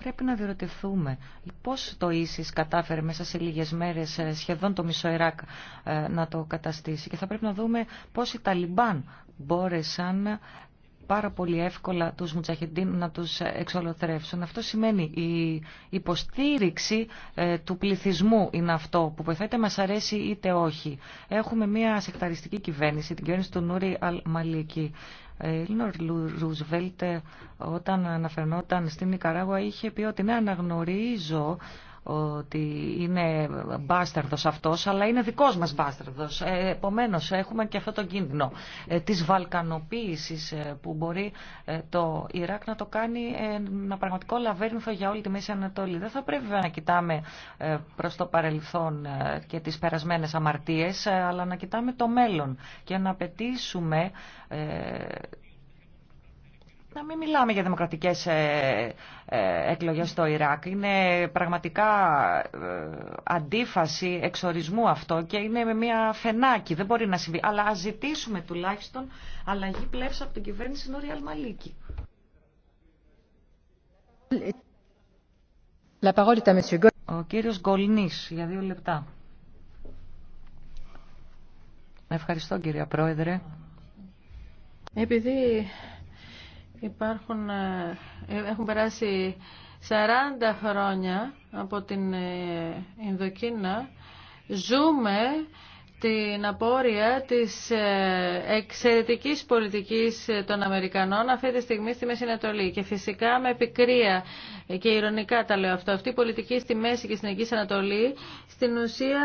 S2: πρέπει να διερωτηθούμε πώς το ίσις κατάφερε μέσα σε λίγες μέρες ε, σχεδόν το μισό Ιράκ ε, να το καταστήσει και θα πρέπει να δούμε πώς οι Ταλιμπάν μπόρεσαν πάρα πολύ εύκολα τους Μουτσαχεντίν να τους εξολοθρεύσουν. Αυτό σημαίνει η υποστήριξη ε, του πληθυσμού είναι αυτό που βοηθάει μας αρέσει είτε όχι. Έχουμε μια σεκταριστική κυβέρνηση, την κυβέρνηση του Νούρι Αλ Μαλίκη. Ε, ε, όταν αναφερνόταν στην Νικαράγουα είχε πει ότι ναι αναγνωρίζω ότι είναι μπάσταρδος αυτός, αλλά είναι δικός μας μπάσταρδος. Ε, επομένως, έχουμε και αυτό το κίνδυνο ε, της βαλκανοποίησης ε, που μπορεί το Ιράκ να το κάνει ένα πραγματικό λαβέρνηθο για όλη τη Μέση Ανατολή. Δεν θα πρέπει να κοιτάμε προς το παρελθόν και τις περασμένες αμαρτίες, αλλά να κοιτάμε το μέλλον και να απαιτήσουμε να μην μιλάμε για δημοκρατικές ε, ε, εκλογές στο Ιράκ. Είναι πραγματικά ε, αντίφαση εξορισμού αυτό και είναι με μια φενάκι. Δεν μπορεί να συμβεί. Αλλά ας ζητήσουμε τουλάχιστον αλλαγή πλεύση από την κυβέρνηση Νόρια Αλμαλίκη. Ο κύριος Γκολνής για δύο λεπτά. Ευχαριστώ κυρία Πρόεδρε.
S1: Επειδή Υπάρχουν, ε, έχουν περάσει 40 χρόνια από την ε, Ινδοκίνα. Ζούμε την απόρρεια της ε, εξαιρετικής πολιτικής ε, των Αμερικανών αυτή τη στιγμή στη Μέση Ανατολή. Και φυσικά με επικρία και ηρωνικά τα λέω αυτό. Αυτή η πολιτική στη Μέση και στην Αγγής Ανατολή στην ουσία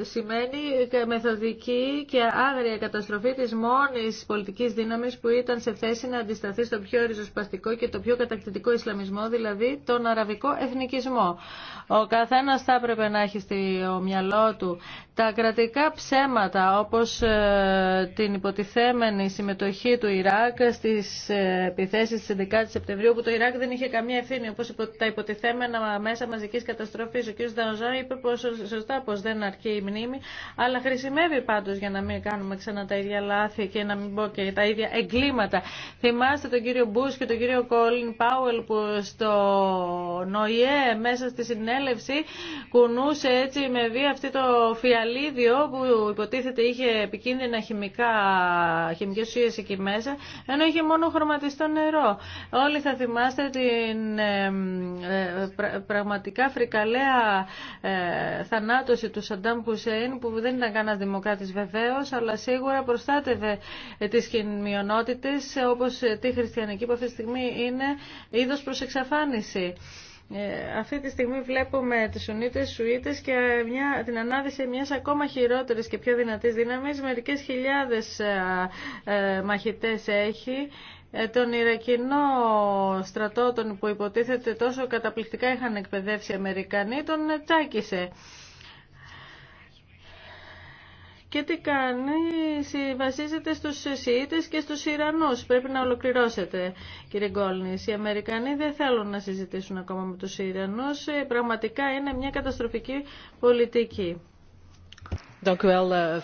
S1: ε, σημαίνει μεθοδική και άγρια καταστροφή της μόνης πολιτικής δύναμης που ήταν σε θέση να αντισταθεί στο πιο ριζοσπαστικό και το πιο κατακτητικό Ισλαμισμό, δηλαδή τον αραβικό εθνικισμό. Ο καθένας θα έπρεπε να έχει στο μυαλό του τα κρατικά ψέματα όπως ε, την υποτιθέμενη συμμετοχή του Ιράκ στις ε, επιθέσεις της 11 Σεπτεμβρίου που το Ιράκ δεν είχε καμία ευθύνη όπως τα υποτιθέμενα μέσα μαζικής καταστροφής. Ο κ. Δανοζάν είπε πως, σωστά πως δεν αρκεί η μνήμη αλλά χρησιμεύει πάντως για να μην κάνουμε ξανά τα ίδια λάθη και να μην πω και τα ίδια εγκλήματα. Θυμάστε τον κύριο Μπούς και τον κύριο Κόλιν Πάουελ που στο ΝΟΙΕ μέσα στη συνέλευση κουνούσε έτσι με βία αυτή το φιαλί που υποτίθεται είχε επικίνδυνα χημικά, χημικές ουσίες εκεί μέσα, ενώ είχε μόνο χρωματιστό νερό. Όλοι θα θυμάστε την ε, πραγματικά φρικαλέα ε, θανάτωση του Σαντάμ Χουσέιν, που δεν ήταν κανένα δημοκράτης βεβαίως, αλλά σίγουρα προστάτευε τις μειονότητες, όπως τη χριστιανική που αυτή τη στιγμή είναι είδος προ εξαφάνιση. Ε, αυτή τη στιγμή βλέπουμε τις Σουνίτες, Σουίτες και μια, την ανάδυση μιας ακόμα χειρότερης και πιο δυνατής δύναμης. Μερικές χιλιάδες ε, ε, μαχητές έχει τον Ιρακινό στρατό που υποτίθεται τόσο καταπληκτικά είχαν εκπαιδεύσει οι Αμερικανοί τον τσάκισε. Και τι κάνει, βασίζεται στους Σιήτες και στους Ιρανούς. Πρέπει να ολοκληρώσετε, κύριε Γκόλνης. Οι Αμερικανοί δεν θέλουν να συζητήσουν ακόμα με τους Ιρανούς. Ε, πραγματικά είναι μια καταστροφική πολιτική. Eh,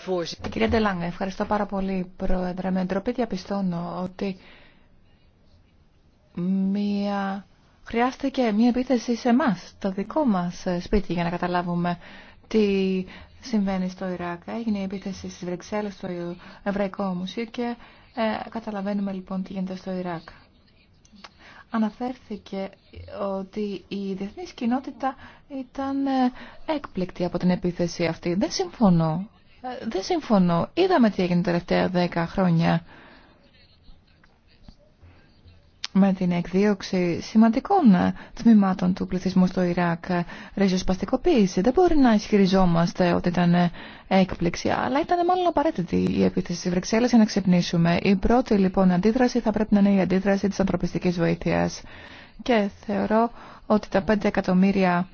S4: κύριε Ντελάγκα, ευχαριστώ πάρα πολύ, Πρόεδρε. Με ντροπή διαπιστώνω ότι μια... χρειάστηκε μια επίθεση σε εμά, το δικό μας ε, σπίτι, για να καταλάβουμε τι συμβαίνει στο Ιράκ. Έγινε η επίθεση στις Βρυξέλλες στο Εβραϊκό Μουσείο και ε, καταλαβαίνουμε λοιπόν τι γίνεται στο Ιράκ. Αναφέρθηκε ότι η διεθνή κοινότητα ήταν ε, έκπληκτη από την επίθεση αυτή. Δεν συμφωνώ. Ε, δεν συμφωνώ. Είδαμε τι έγινε τα τελευταία δέκα χρόνια με την εκδίωξη σημαντικών ε, τμήματων του πληθυσμού στο Ιράκ, ε, ρεζοσπαστικοποίηση. Δεν μπορεί να ισχυριζόμαστε ότι ήταν ε, έκπληξη, αλλά ήταν μάλλον απαραίτητη η επίθεση στη Βρυξέλλε για να ξυπνήσουμε. Η πρώτη λοιπόν αντίδραση θα πρέπει να είναι η αντίδραση της ανθρωπιστικής βοήθειας. Και θεωρώ ότι τα 5 εκατομμύρια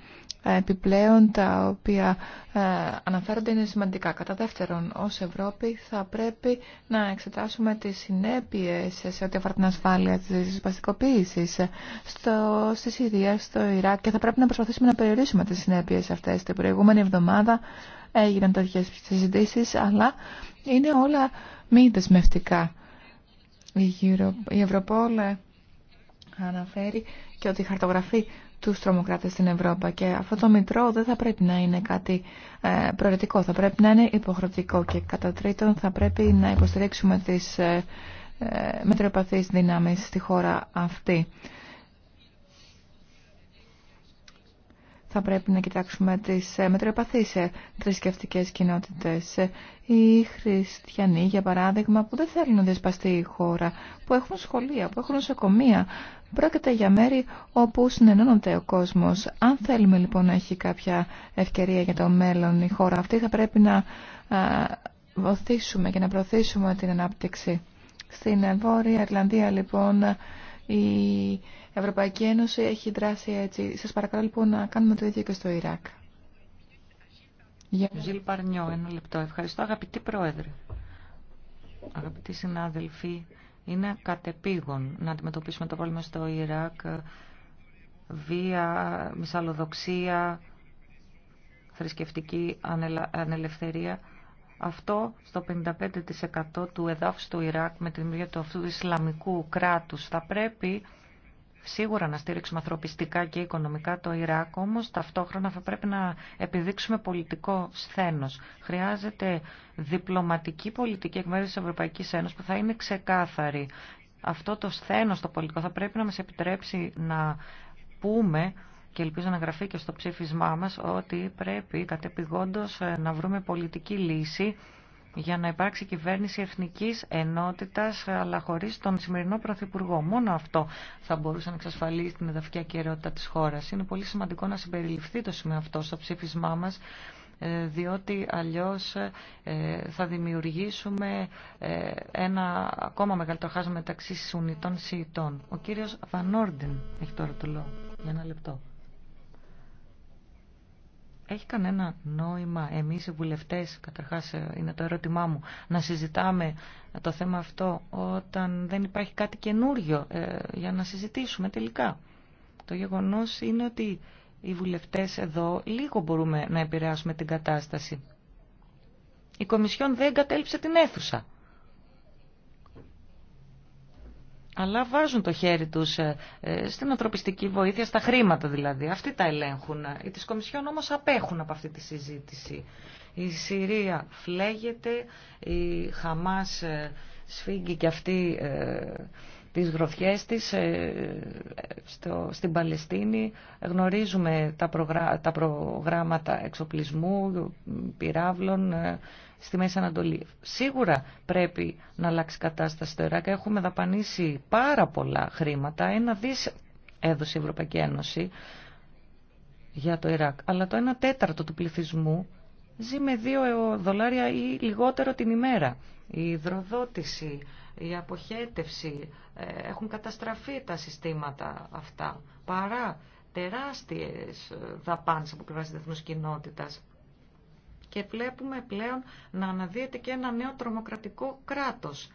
S4: ε, επιπλέον τα οποία ε, αναφέρονται είναι σημαντικά. Κατά δεύτερον, ως Ευρώπη θα πρέπει να εξετάσουμε τις συνέπειες σε ό,τι αφορά την ασφάλεια της σπαστικοποίησης στο, στη Συρία, στο Ιράκ και θα πρέπει να προσπαθήσουμε να περιορίσουμε τις συνέπειες αυτές. Την προηγούμενη εβδομάδα έγιναν τέτοιες συζητήσει, αλλά είναι όλα μη δεσμευτικά. Η Ευρωπόλε αναφέρει και ότι χαρτογραφεί τους τρομοκράτες στην Ευρώπη και αυτό το μητρό δεν θα πρέπει να είναι κάτι ε, προαιρετικό, θα πρέπει να είναι υποχρεωτικό και κατά τρίτον θα πρέπει να υποστηρίξουμε τις ε, ε, μετριοπαθείς δυνάμεις στη χώρα αυτή. θα πρέπει να κοιτάξουμε τις ε, μετριοπαθείς ε, θρησκευτικέ κοινότητες. Ε, οι χριστιανοί, για παράδειγμα, που δεν θέλουν να διασπαστεί η χώρα, που έχουν σχολεία, που έχουν νοσοκομεία. Πρόκειται για μέρη όπου συνενώνονται ο κόσμος. Αν θέλουμε λοιπόν να έχει κάποια ευκαιρία για το μέλλον η χώρα αυτή, θα πρέπει να βοηθήσουμε και να προωθήσουμε την ανάπτυξη. Στην Βόρεια Ιρλανδία λοιπόν η Ευρωπαϊκή Ένωση έχει δράσει έτσι. Σας παρακαλώ λοιπόν να κάνουμε το ίδιο και στο Ιράκ.
S2: Ζήλ Παρνιό, ένα λεπτό. Ευχαριστώ Αγαπητοί Πρόεδρε. Αγαπητοί συνάδελφοι, είναι κατεπήγον να αντιμετωπίσουμε το πρόβλημα στο Ιράκ. Βία, μυσαλλοδοξία, θρησκευτική ανελευθερία. Αυτό στο 55% του εδάφους του Ιράκ με τη δημιουργία του αυτού του Ισλαμικού κράτους θα πρέπει σίγουρα να στήριξουμε ανθρωπιστικά και οικονομικά το Ιράκ, όμως ταυτόχρονα θα πρέπει να επιδείξουμε πολιτικό σθένος. Χρειάζεται διπλωματική πολιτική εκ μέρους της Ευρωπαϊκής Ένωσης που θα είναι ξεκάθαρη. Αυτό το σθένος το πολιτικό θα πρέπει να μας επιτρέψει να πούμε και ελπίζω να γραφεί και στο ψήφισμά μας ότι πρέπει κατεπηγόντως ε, να βρούμε πολιτική λύση για να υπάρξει κυβέρνηση εθνικής ενότητας αλλά χωρίς τον σημερινό Πρωθυπουργό. Μόνο αυτό θα μπορούσε να εξασφαλίσει την εδαφική ακαιρεότητα της χώρας. Είναι πολύ σημαντικό να συμπεριληφθεί το σημείο αυτό στο ψήφισμά μας ε, διότι αλλιώς ε, θα δημιουργήσουμε ε, ένα ακόμα μεγαλύτερο χάσμα μεταξύ Σουνιτών Σιητών. Ο κύριος Βανόρντιν έχει τώρα το λόγο για ένα λεπτό έχει κανένα νόημα εμείς οι βουλευτές, καταρχάς ε, είναι το ερώτημά μου, να συζητάμε το θέμα αυτό όταν δεν υπάρχει κάτι καινούριο ε, για να συζητήσουμε τελικά. Το γεγονός είναι ότι οι βουλευτές εδώ λίγο μπορούμε να επηρεάσουμε την κατάσταση. Η Κομισιόν δεν κατέληψε την αίθουσα. αλλά βάζουν το χέρι τους ε, ε, στην ανθρωπιστική βοήθεια, στα χρήματα δηλαδή. Αυτοί τα ελέγχουν. Οι ε, τη Κομισιόν όμως απέχουν από αυτή τη συζήτηση. Η Συρία φλέγεται, η Χαμάς σφίγγει και αυτή τις γροθιές της στο, στην Παλαιστίνη. Γνωρίζουμε τα, τα προγράμματα εξοπλισμού, πυράβλων, στη Μέση Ανατολή. Σίγουρα πρέπει να αλλάξει κατάσταση στο Ιράκ. Έχουμε δαπανίσει πάρα πολλά χρήματα. Ένα δις έδωσε η Ευρωπαϊκή Ένωση για το Ιράκ. Αλλά το ένα τέταρτο του πληθυσμού ζει με 2 δολάρια ή λιγότερο την ημέρα. Η υδροδότηση, η αποχέτευση, ε, έχουν καταστραφεί τα συστήματα αυτά. Παρά τεράστιες ε, δαπάνες από πλευράς της διεθνούς κοινότητας και βλέπουμε πλέον να αναδύεται και ένα νέο τρομοκρατικό κράτος.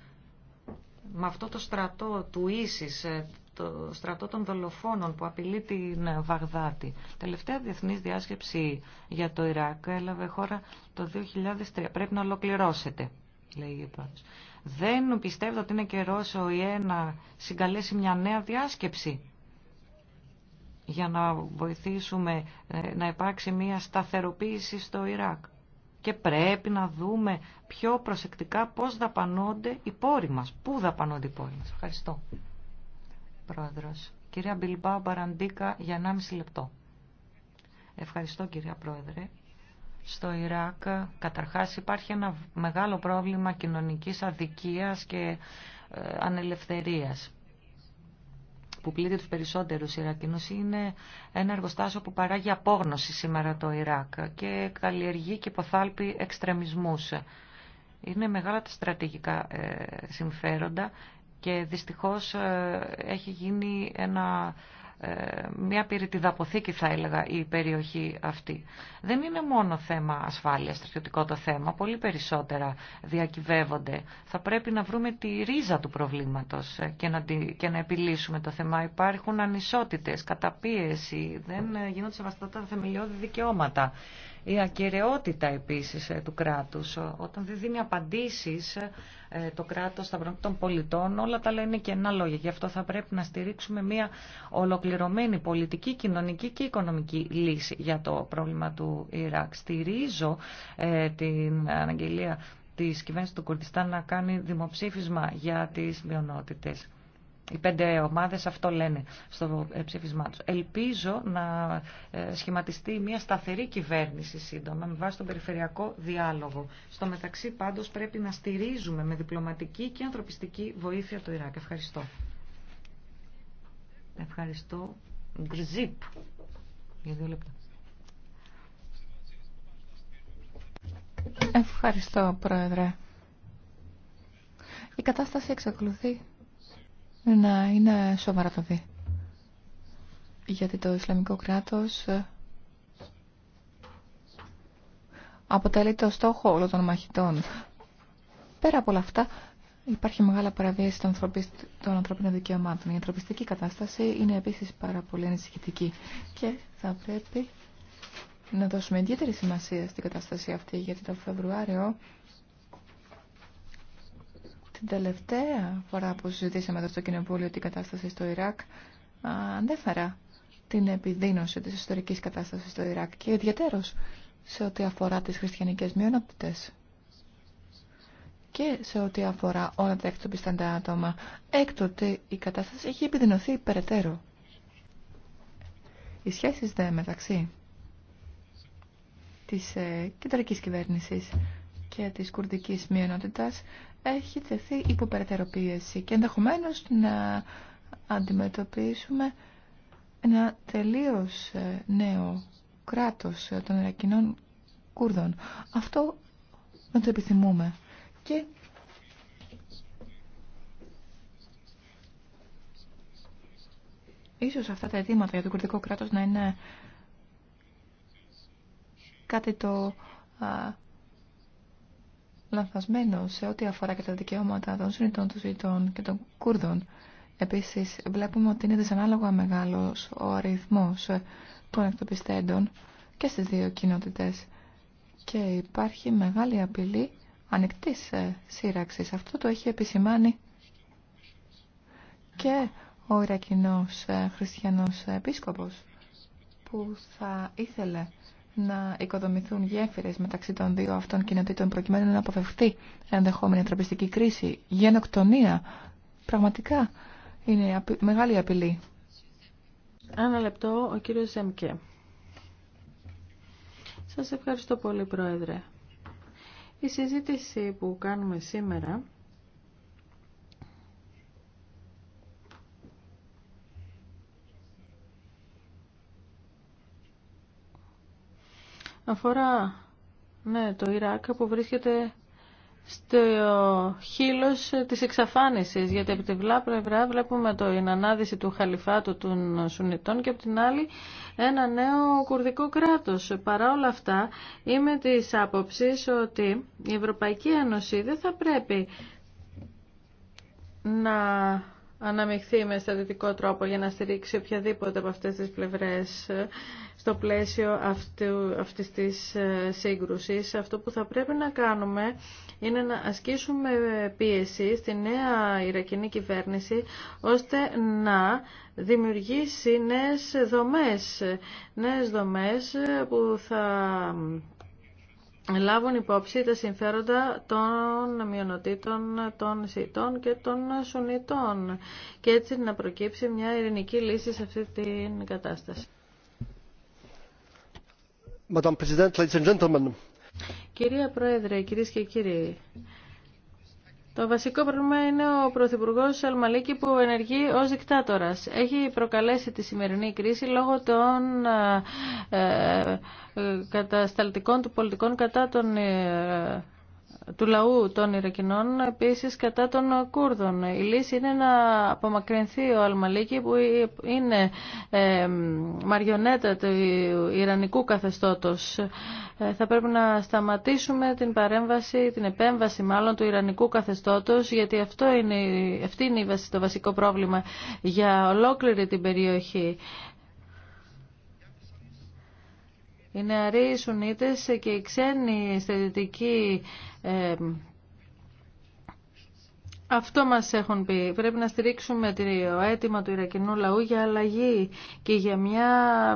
S2: Με αυτό το στρατό του Ίσης, ε, το στρατό των δολοφόνων που απειλεί την ε, Βαγδάτη. Τελευταία διεθνής διάσκεψη για το Ιράκ έλαβε χώρα το 2003. Πρέπει να ολοκληρώσετε, λέει η Δεν πιστεύω ότι είναι καιρό ο ΙΕ να συγκαλέσει μια νέα διάσκεψη για να βοηθήσουμε ε, να υπάρξει μια σταθεροποίηση στο Ιράκ και πρέπει να δούμε πιο προσεκτικά πώς δαπανώνται οι πόροι μας. Πού δαπανώνται οι πόροι μας. Ευχαριστώ. Πρόεδρος. Κυρία Μπιλμπάου Μπαραντίκα για 1,5 λεπτό. Ευχαριστώ κυρία Πρόεδρε. Στο Ιράκ καταρχάς υπάρχει ένα μεγάλο πρόβλημα κοινωνικής αδικίας και ε, ανελευθερίας που πλήττει του περισσότερου Ιρακινού, είναι ένα εργοστάσιο που παράγει απόγνωση σήμερα το Ιράκ και καλλιεργεί και υποθάλπει εξτρεμισμού. Είναι μεγάλα τα στρατηγικά ε, συμφέροντα και δυστυχώς ε, έχει γίνει ένα ε, μια πυρητιδαποθήκη θα έλεγα η περιοχή αυτή. Δεν είναι μόνο θέμα ασφάλειας, στρατιωτικό το θέμα, πολύ περισσότερα διακυβεύονται. Θα πρέπει να βρούμε τη ρίζα του προβλήματος ε, και να, και να επιλύσουμε το θέμα. Υπάρχουν ανισότητες, καταπίεση, δεν ε, γίνονται σεβαστά τα θεμελιώδη δικαιώματα. Η ακαιρεότητα επίσης ε, του κράτους. Όταν δεν δίνει απαντήσεις ε, το κράτος στα προβλήματα των πολιτών, όλα τα λένε ένα λόγια. Γι' αυτό θα πρέπει να στηρίξουμε μια ολοκληρωμένη πολιτική, κοινωνική και οικονομική λύση για το πρόβλημα του Ιράκ. Στηρίζω ε, την αναγγελία της κυβέρνησης του Κουρδιστάν να κάνει δημοψήφισμα για τις μειονότητες. Οι πέντε ομάδες αυτό λένε στο ε, ψήφισμά τους. Ελπίζω να ε, σχηματιστεί μια σταθερή κυβέρνηση σύντομα με βάση τον περιφερειακό διάλογο. Στο μεταξύ πάντως πρέπει να στηρίζουμε με διπλωματική και ανθρωπιστική βοήθεια το Ιράκ. Ευχαριστώ. Ευχαριστώ. Γκρζίπ. Για δύο λεπτά.
S4: Ευχαριστώ, Πρόεδρε. Η κατάσταση εξακολουθεί να είναι σοβαρά το δει. Γιατί το Ισλαμικό κράτος ε, αποτελεί το στόχο όλων των μαχητών. Πέρα από όλα αυτά, υπάρχει μεγάλα παραβίαση των, των ανθρώπινων δικαιωμάτων. Η ανθρωπιστική κατάσταση είναι επίσης πάρα πολύ ανησυχητική και θα πρέπει να δώσουμε ιδιαίτερη σημασία στην κατάσταση αυτή, γιατί το Φεβρουάριο την τελευταία φορά που συζητήσαμε εδώ στο Κοινοβούλιο την κατάσταση στο Ιράκ, αντέφερα την επιδείνωση της ιστορικής κατάστασης στο Ιράκ και ιδιαίτερος σε ό,τι αφορά τις χριστιανικές μειονότητες και σε ό,τι αφορά όλα τα εκτοπιστάντα άτομα. Έκτοτε η κατάσταση έχει επιδεινωθεί περαιτέρω. Οι σχέσεις δε μεταξύ της ε, κεντρικής κυβέρνησης και της κουρδικής μειονότητας έχει τεθεί υπό και ενδεχομένως να αντιμετωπίσουμε ένα τελείως ε, νέο κράτος ε, των Ιρακινών Κούρδων. Αυτό να το επιθυμούμε. Και ίσως αυτά τα αιτήματα για τον κουρδικό κράτος να είναι κάτι το λανθασμένο σε ό,τι αφορά και τα δικαιώματα των Συνητών, των ζητών και των Κούρδων. Επίσης, βλέπουμε ότι είναι δυσανάλογα μεγάλος ο αριθμό των εκτοπιστέντων και στις δύο κοινότητε. και υπάρχει μεγάλη απειλή ανοιχτή ε, σύραξης. Αυτό το έχει επισημάνει και ο Ιρακινός ε, χριστιανός ε, επίσκοπος που θα ήθελε να οικοδομηθούν γέφυρες μεταξύ των δύο αυτών κοινοτήτων προκειμένου να αποφευχθεί ενδεχόμενη ανθρωπιστική κρίση, γενοκτονία. Πραγματικά είναι μεγάλη απειλή.
S1: Ένα λεπτό, ο κύριος Ζεμκέ. Σας ευχαριστώ πολύ, Πρόεδρε. Η συζήτηση που κάνουμε σήμερα αφορά ναι, το Ιράκ που βρίσκεται στο χείλος της εξαφάνισης γιατί από τη πλευρά βλέπουμε το, την ανάδυση του χαλιφάτου των Σουνιτών και από την άλλη ένα νέο κουρδικό κράτος. Παρά όλα αυτά είμαι της άποψης ότι η Ευρωπαϊκή Ένωση δεν θα πρέπει να αναμειχθεί με στατητικό τρόπο για να στηρίξει οποιαδήποτε από αυτές τις πλευρές ε, στο πλαίσιο αυτού, αυτής της ε, σύγκρουσης. Αυτό που θα πρέπει να κάνουμε είναι να ασκήσουμε πίεση στη νέα Ιρακινή κυβέρνηση ώστε να δημιουργήσει νέες δομές, νέες δομές που θα λάβουν υπόψη τα συμφέροντα των μειονοτήτων των ΣΥΤΟΝ και των Σουνιτών και έτσι να προκύψει μια ειρηνική λύση σε αυτή την κατάσταση. Κυρία Πρόεδρε, κυρίες και κύριοι, το βασικό πρόβλημα είναι ο Πρωθυπουργό Αλμαλίκη που ενεργεί ω δικτάτορα. Έχει προκαλέσει τη σημερινή κρίση λόγω των ε, ε, κατασταλτικών του πολιτικών κατά των ε, του λαού των Ιρακινών επίσης κατά των Κούρδων. Η λύση είναι να απομακρυνθεί ο Αλμαλίκη που είναι ε, μαριονέτα του Ιρανικού καθεστώτος. Ε, θα πρέπει να σταματήσουμε την παρέμβαση, την επέμβαση μάλλον του Ιρανικού καθεστώτος γιατί αυτό είναι, αυτή είναι το βασικό πρόβλημα για ολόκληρη την περιοχή. Οι νεαροί Σουνίτες και οι ξένοι στερετικοί ε, αυτό μας έχουν πει. Πρέπει να στηρίξουμε το αίτημα του Ιρακινού λαού για αλλαγή και για μια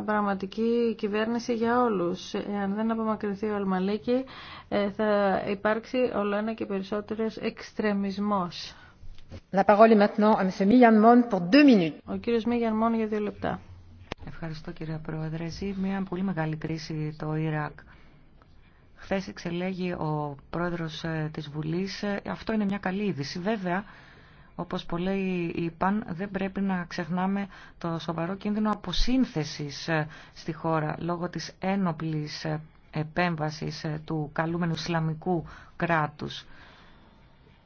S1: πραγματική κυβέρνηση για όλους. Αν δεν απομακρυνθεί ο Αλμαλίκη ε, θα υπάρξει όλο ένα και περισσότερος εξτρεμισμός. Ο κύριος Μίγιαν Μόν για δύο
S2: λεπτά. Ευχαριστώ κύριε Πρόεδρε. Ζει μια πολύ μεγάλη κρίση το Ιράκ. Χθε εξελέγει ο προεδρο ε, της βουλη ε, Αυτό είναι μια καλή είδηση. Βέβαια, όπως πολλοί είπαν, δεν πρέπει να ξεχνάμε το σοβαρό κίνδυνο αποσύνθεσης ε, στη χώρα λόγω της ενοπλη επεμβαση του καλούμενου Ισλαμικού κρατου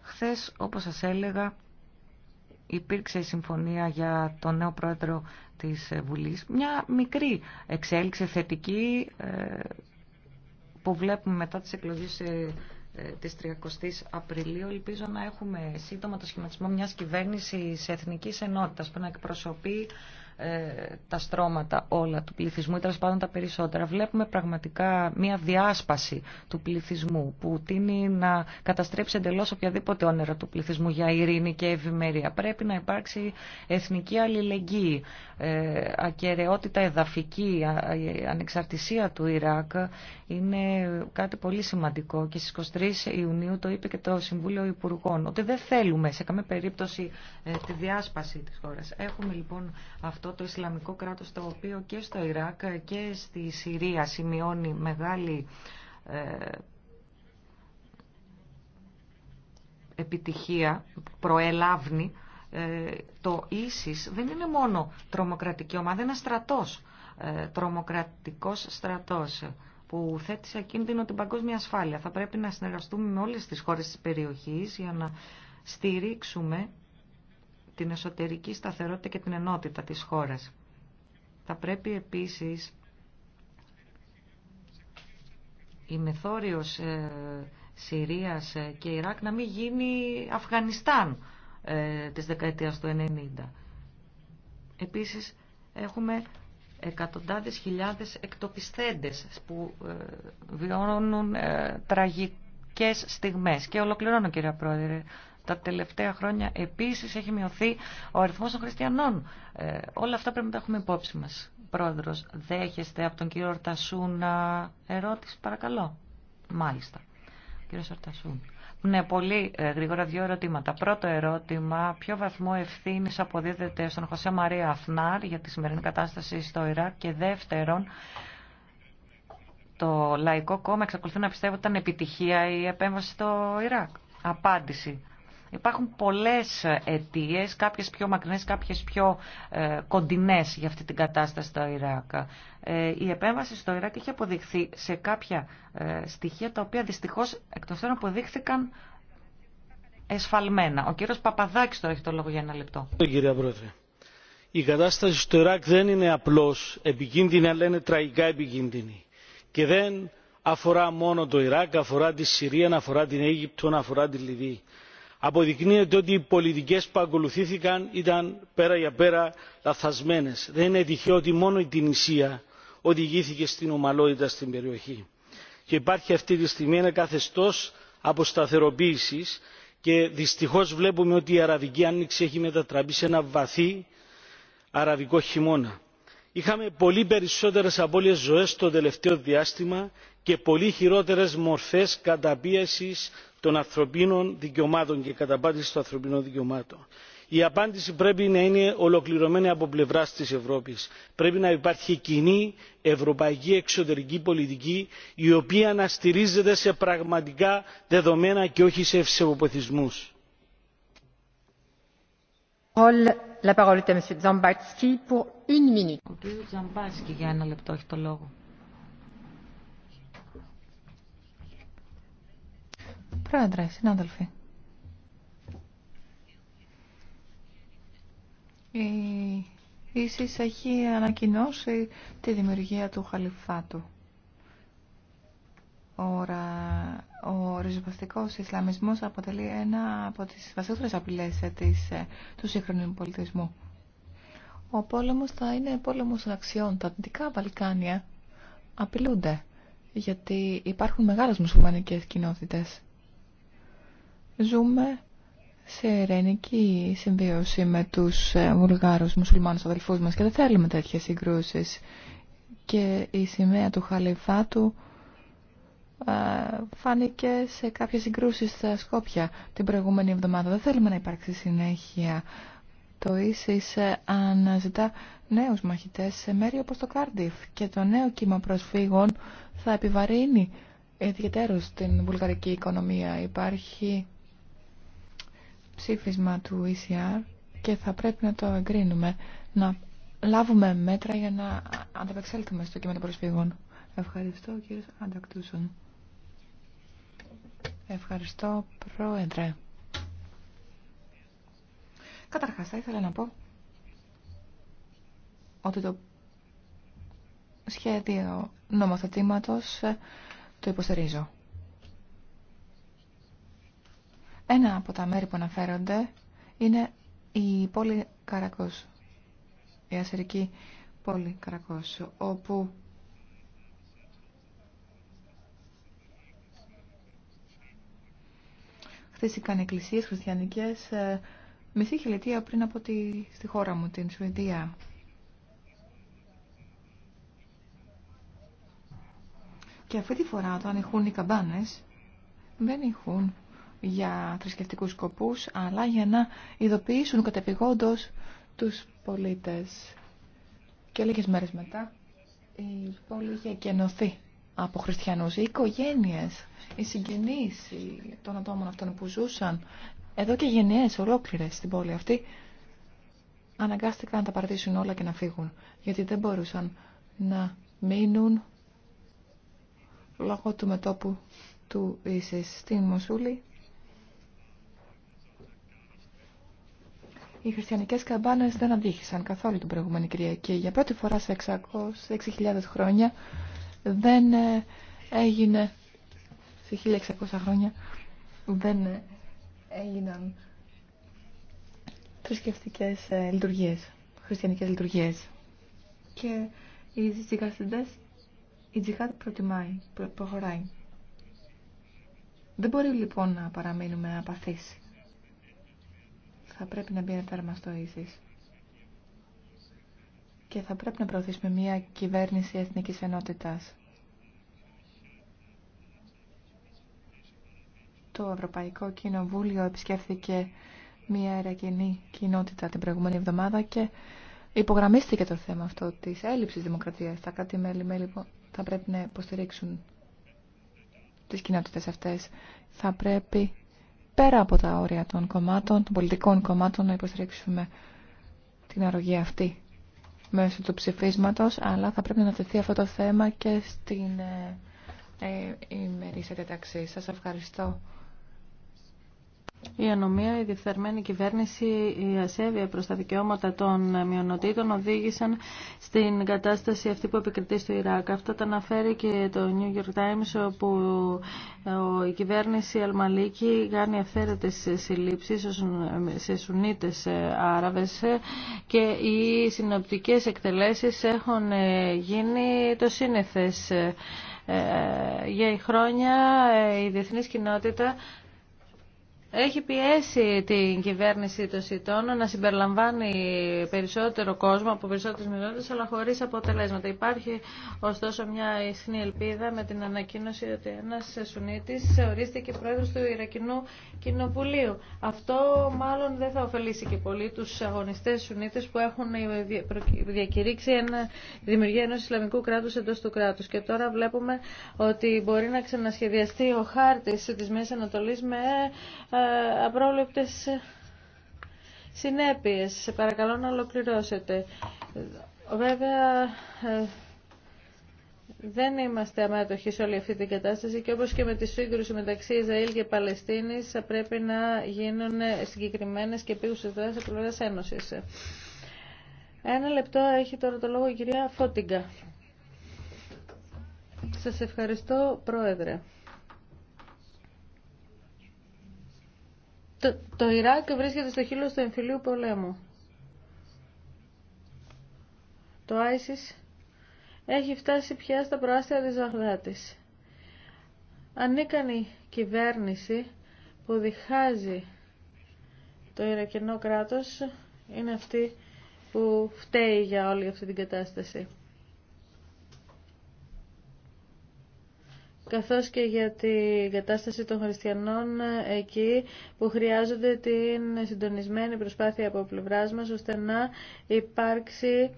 S2: χθε όπως σα έλεγα, υπήρξε η συμφωνία για τον νέο πρόεδρο της Βουλής. Μια μικρή εξέλιξη θετική ε, που βλέπουμε μετά τις εκλογές ε, ε, της 30ης Απριλίου. Ελπίζω να έχουμε σύντομα το σχηματισμό μιας κυβέρνησης εθνικής ενότητας που να εκπροσωπεί ε, τα στρώματα όλα του πληθυσμού ή τέλο πάντων τα περισσότερα. Βλέπουμε πραγματικά μια διάσπαση του πληθυσμού που τίνει να καταστρέψει εντελώ οποιαδήποτε όνειρα του πληθυσμού για ειρήνη και ευημερία. Πρέπει να υπάρξει εθνική αλληλεγγύη, ε, ακαιρεότητα εδαφική, η τελο τα περισσοτερα βλεπουμε πραγματικα μια διασπαση του Ιράκ είναι κάτι αλληλεγγυη ακαιρεοτητα εδαφικη ανεξαρτησια του σημαντικό και στις 23 Ιουνίου το είπε και το Συμβούλιο Υπουργών ότι δεν θέλουμε σε καμία περίπτωση ε, τη διάσπαση της χώρας. Έχουμε λοιπόν αυτό αυτό το Ισλαμικό κράτος το οποίο και στο Ιράκ και στη Συρία σημειώνει μεγάλη ε, επιτυχία, προελάβνει ε, το ίσις δεν είναι μόνο τρομοκρατική ομάδα, είναι ένα στρατός, ε, τρομοκρατικός στρατός που θέτει σε κίνδυνο την παγκόσμια ασφάλεια. Θα πρέπει να συνεργαστούμε με όλες τις χώρες της περιοχής για να στηρίξουμε την εσωτερική σταθερότητα και την ενότητα της χώρας. Θα πρέπει επίσης η μεθόριος ε, Συρίας ε, και Ιράκ να μην γίνει Αφγανιστάν ε, της δεκαετίας του 90. Επίσης έχουμε εκατοντάδες χιλιάδες εκτοπισθέντες που βιώνουν τραγικές στιγμές. Και ολοκληρώνω κυρία Πρόεδρε τα τελευταία χρόνια επίσης έχει μειωθεί ο αριθμός των χριστιανών. Ε, όλα αυτά πρέπει να τα έχουμε υπόψη μας. Πρόεδρος, δέχεστε από τον κύριο Ορτασούνα ερώτηση, παρακαλώ. Μάλιστα. κύριο Ορτασούν. Ναι, πολύ ε, γρήγορα δύο ερωτήματα. Πρώτο ερώτημα, ποιο βαθμό ευθύνη αποδίδεται στον Χωσέ Μαρία Αφνάρ για τη σημερινή κατάσταση στο Ιράκ και δεύτερον, το Λαϊκό Κόμμα εξακολουθεί να πιστεύει ότι ήταν επιτυχία η επέμβαση στο Ιράκ. Απάντηση. Υπάρχουν πολλές αιτίε, κάποιες πιο μακρινές, κάποιες πιο ε, κοντινές για αυτή την κατάσταση στο Ιράκ. Ε, η επέμβαση στο Ιράκ έχει αποδειχθεί σε κάποια ε, στοιχεία τα οποία δυστυχώς εκ των αποδείχθηκαν εσφαλμένα. Ο κύριος Παπαδάκης τώρα έχει το λόγο για ένα λεπτό.
S5: Κύριε Πρόεδρε, η κατάσταση στο Ιράκ δεν είναι απλώς επικίνδυνη, αλλά είναι τραγικά επικίνδυνη. Και δεν αφορά μόνο το Ιράκ, αφορά τη Συρία, αφορά την Αίγυπτο, αφορά τη Λιβύη αποδεικνύεται ότι οι πολιτικές που ακολουθήθηκαν ήταν πέρα για πέρα λαθασμένες. δεν είναι τυχαίο ότι μόνο η τινησία οδηγήθηκε στην ομαλότητα στην περιοχή και υπάρχει αυτή τη στιγμή ένα καθεστώς αποσταθεροποίησης και δυστυχώς βλέπουμε ότι η αραβική άνοιξη έχει μετατραπεί σε ένα βαθύ αραβικό χειμώνα. είχαμε πολύ περισσότερες απώλειες ζωές το τελευταίο διάστημα και πολύ χειρότερες μορφές καταπίεσης των ανθρωπίνων δικαιωμάτων και καταπάτηση των ανθρωπίνων δικαιωμάτων. Η απάντηση πρέπει να είναι ολοκληρωμένη από πλευρά τη Ευρώπη. Πρέπει να υπάρχει κοινή ευρωπαϊκή εξωτερική πολιτική η οποία να στηρίζεται σε πραγματικά δεδομένα και όχι σε ευσεβοποθισμού.
S4: Πρόεδρε, συνάδελφοι. Η ίσης έχει ανακοινώσει τη δημιουργία του χαλιφάτου. Ωρα, ο ριζοπαστικός Ισλαμισμός αποτελεί ένα από τις βασικότερες απειλές της, ε, του σύγχρονου πολιτισμού. Ο πόλεμος θα είναι πόλεμος των αξιών. Τα Δυτικά Βαλκάνια απειλούνται γιατί υπάρχουν μεγάλες μουσουλμανικές κοινότητες Ζούμε σε ειρηνική συμβίωση με τους ε, βουλγάρους μουσουλμάνους αδελφούς μας και δεν θέλουμε τέτοιες συγκρούσεις. Και η σημαία του χαλιφάτου ε, φάνηκε σε κάποιες συγκρούσεις στα Σκόπια την προηγούμενη εβδομάδα. Δεν θέλουμε να υπάρξει συνέχεια. Το ίσις ε, αναζητά νέους μαχητές σε μέρη όπως το Κάρντιφ και το νέο κύμα προσφύγων θα επιβαρύνει ιδιαίτερως την βουλγαρική οικονομία. Υπάρχει ψήφισμα του ECR και θα πρέπει να το εγκρίνουμε, να λάβουμε μέτρα για να ανταπεξέλθουμε στο κείμενο προσφύγων. Ευχαριστώ κύριε Αντακτούσον. Ευχαριστώ πρόεδρε. Καταρχάς θα ήθελα να πω ότι το σχέδιο νομοθετήματος ε, το υποστηρίζω. Ένα από τα μέρη που αναφέρονται είναι η πόλη Καρακός, η ασερική πόλη Καρακός, όπου χτίστηκαν εκκλησίες χριστιανικές ε, μισή χιλιετία πριν από τη, στη χώρα μου, την Σουηδία. Και αυτή τη φορά όταν ηχούν οι καμπάνες, δεν ηχούν για θρησκευτικούς σκοπούς, αλλά για να ειδοποιήσουν κατεπηγόντως τους πολίτες. Και λίγες μέρες μετά η πόλη είχε κενωθεί από χριστιανούς. Οι οικογένειες, οι συγγενείς των ατόμων αυτών που ζούσαν εδώ και γενιές ολόκληρες στην πόλη αυτή αναγκάστηκαν να τα παρατήσουν όλα και να φύγουν γιατί δεν μπορούσαν να μείνουν λόγω του μετόπου του ίσης στην Μοσούλη οι χριστιανικέ καμπάνες δεν αντίχησαν καθόλου την προηγούμενη Κυριακή. Για πρώτη φορά σε 600, 6.000 χρόνια δεν ε, έγινε, σε 1.600 χρόνια δεν ε, έγιναν θρησκευτικέ ε, λειτουργίε, χριστιανικές λειτουργίε. Και οι τζιχαστές, η τζιχάτ προτιμάει, προχωράει. Δεν μπορεί λοιπόν να παραμείνουμε απαθείς θα πρέπει να μπει ένα τέρμα στο Και θα πρέπει να προωθήσουμε μια κυβέρνηση εθνικής ενότητας. Το Ευρωπαϊκό Κοινοβούλιο επισκέφθηκε μια αερακινή κοινότητα την προηγούμενη εβδομάδα και υπογραμμίστηκε το θέμα αυτό της έλλειψης δημοκρατίας. Τα κράτη-μέλη θα πρέπει να υποστηρίξουν τις κοινότητες αυτές. Θα πρέπει πέρα από τα όρια των κομμάτων, των πολιτικών κομμάτων, να υποστηρίξουμε την αρρωγή αυτή μέσω του ψηφίσματος, αλλά θα πρέπει να τεθεί αυτό το θέμα και στην ε, ε ημερήσια διαταξή. Σας ευχαριστώ. Η ανομία, η
S1: διεφθαρμένη κυβέρνηση, η ασέβεια προς τα δικαιώματα των μειονοτήτων οδήγησαν στην κατάσταση αυτή που επικριτεί στο Ιράκ. Αυτό τα αναφέρει και το New York Times όπου ε, η κυβέρνηση Αλμαλίκη κάνει αυθαίρετες συλλήψεις σε Σουνίτες ε, Άραβες ε, και οι συνοπτικές εκτελέσεις έχουν γίνει το σύνηθες. Για χρόνια η διεθνής κοινότητα έχει πιέσει την κυβέρνηση των Σιτών να συμπεριλαμβάνει περισσότερο κόσμο από περισσότερε μειονότητε, αλλά χωρί αποτελέσματα. Υπάρχει ωστόσο μια ισχυρή ελπίδα με την ανακοίνωση ότι ένα Σουνίτη ορίστηκε πρόεδρο του Ιρακινού Κοινοβουλίου. Αυτό μάλλον δεν θα ωφελήσει και πολύ του αγωνιστέ Σουνίτε που έχουν διακηρύξει ένα, δημιουργία ενό Ισλαμικού κράτου εντό του κράτου. Και τώρα βλέπουμε ότι μπορεί να ξανασχεδιαστεί ο χάρτη τη Μέση Ανατολή με ε, απρόβλεπτες συνέπειες. Σε παρακαλώ να ολοκληρώσετε. Βέβαια, ε, δεν είμαστε αμέτωχοι σε όλη αυτή την κατάσταση και όπως και με τη σύγκρουση μεταξύ Ισραήλ και Παλαιστίνης θα πρέπει να γίνουν συγκεκριμένες και επίγουσες δράσεις από πλευράς Ένωσης. Ένα λεπτό έχει τώρα το λόγο η κυρία Φώτιγκα. Σας ευχαριστώ, Πρόεδρε. Το, το Ιράκ βρίσκεται στο χείλο του εμφυλίου πολέμου. Το ISIS έχει φτάσει πια στα προάστια της Ζαγδάτης. Ανίκανη κυβέρνηση που διχάζει το Ιρακινό κράτος είναι αυτή που φταίει για όλη αυτή την κατάσταση. καθώς και για την κατάσταση των χριστιανών εκεί που χρειάζονται την συντονισμένη προσπάθεια από πλευράς μας ώστε να υπάρξει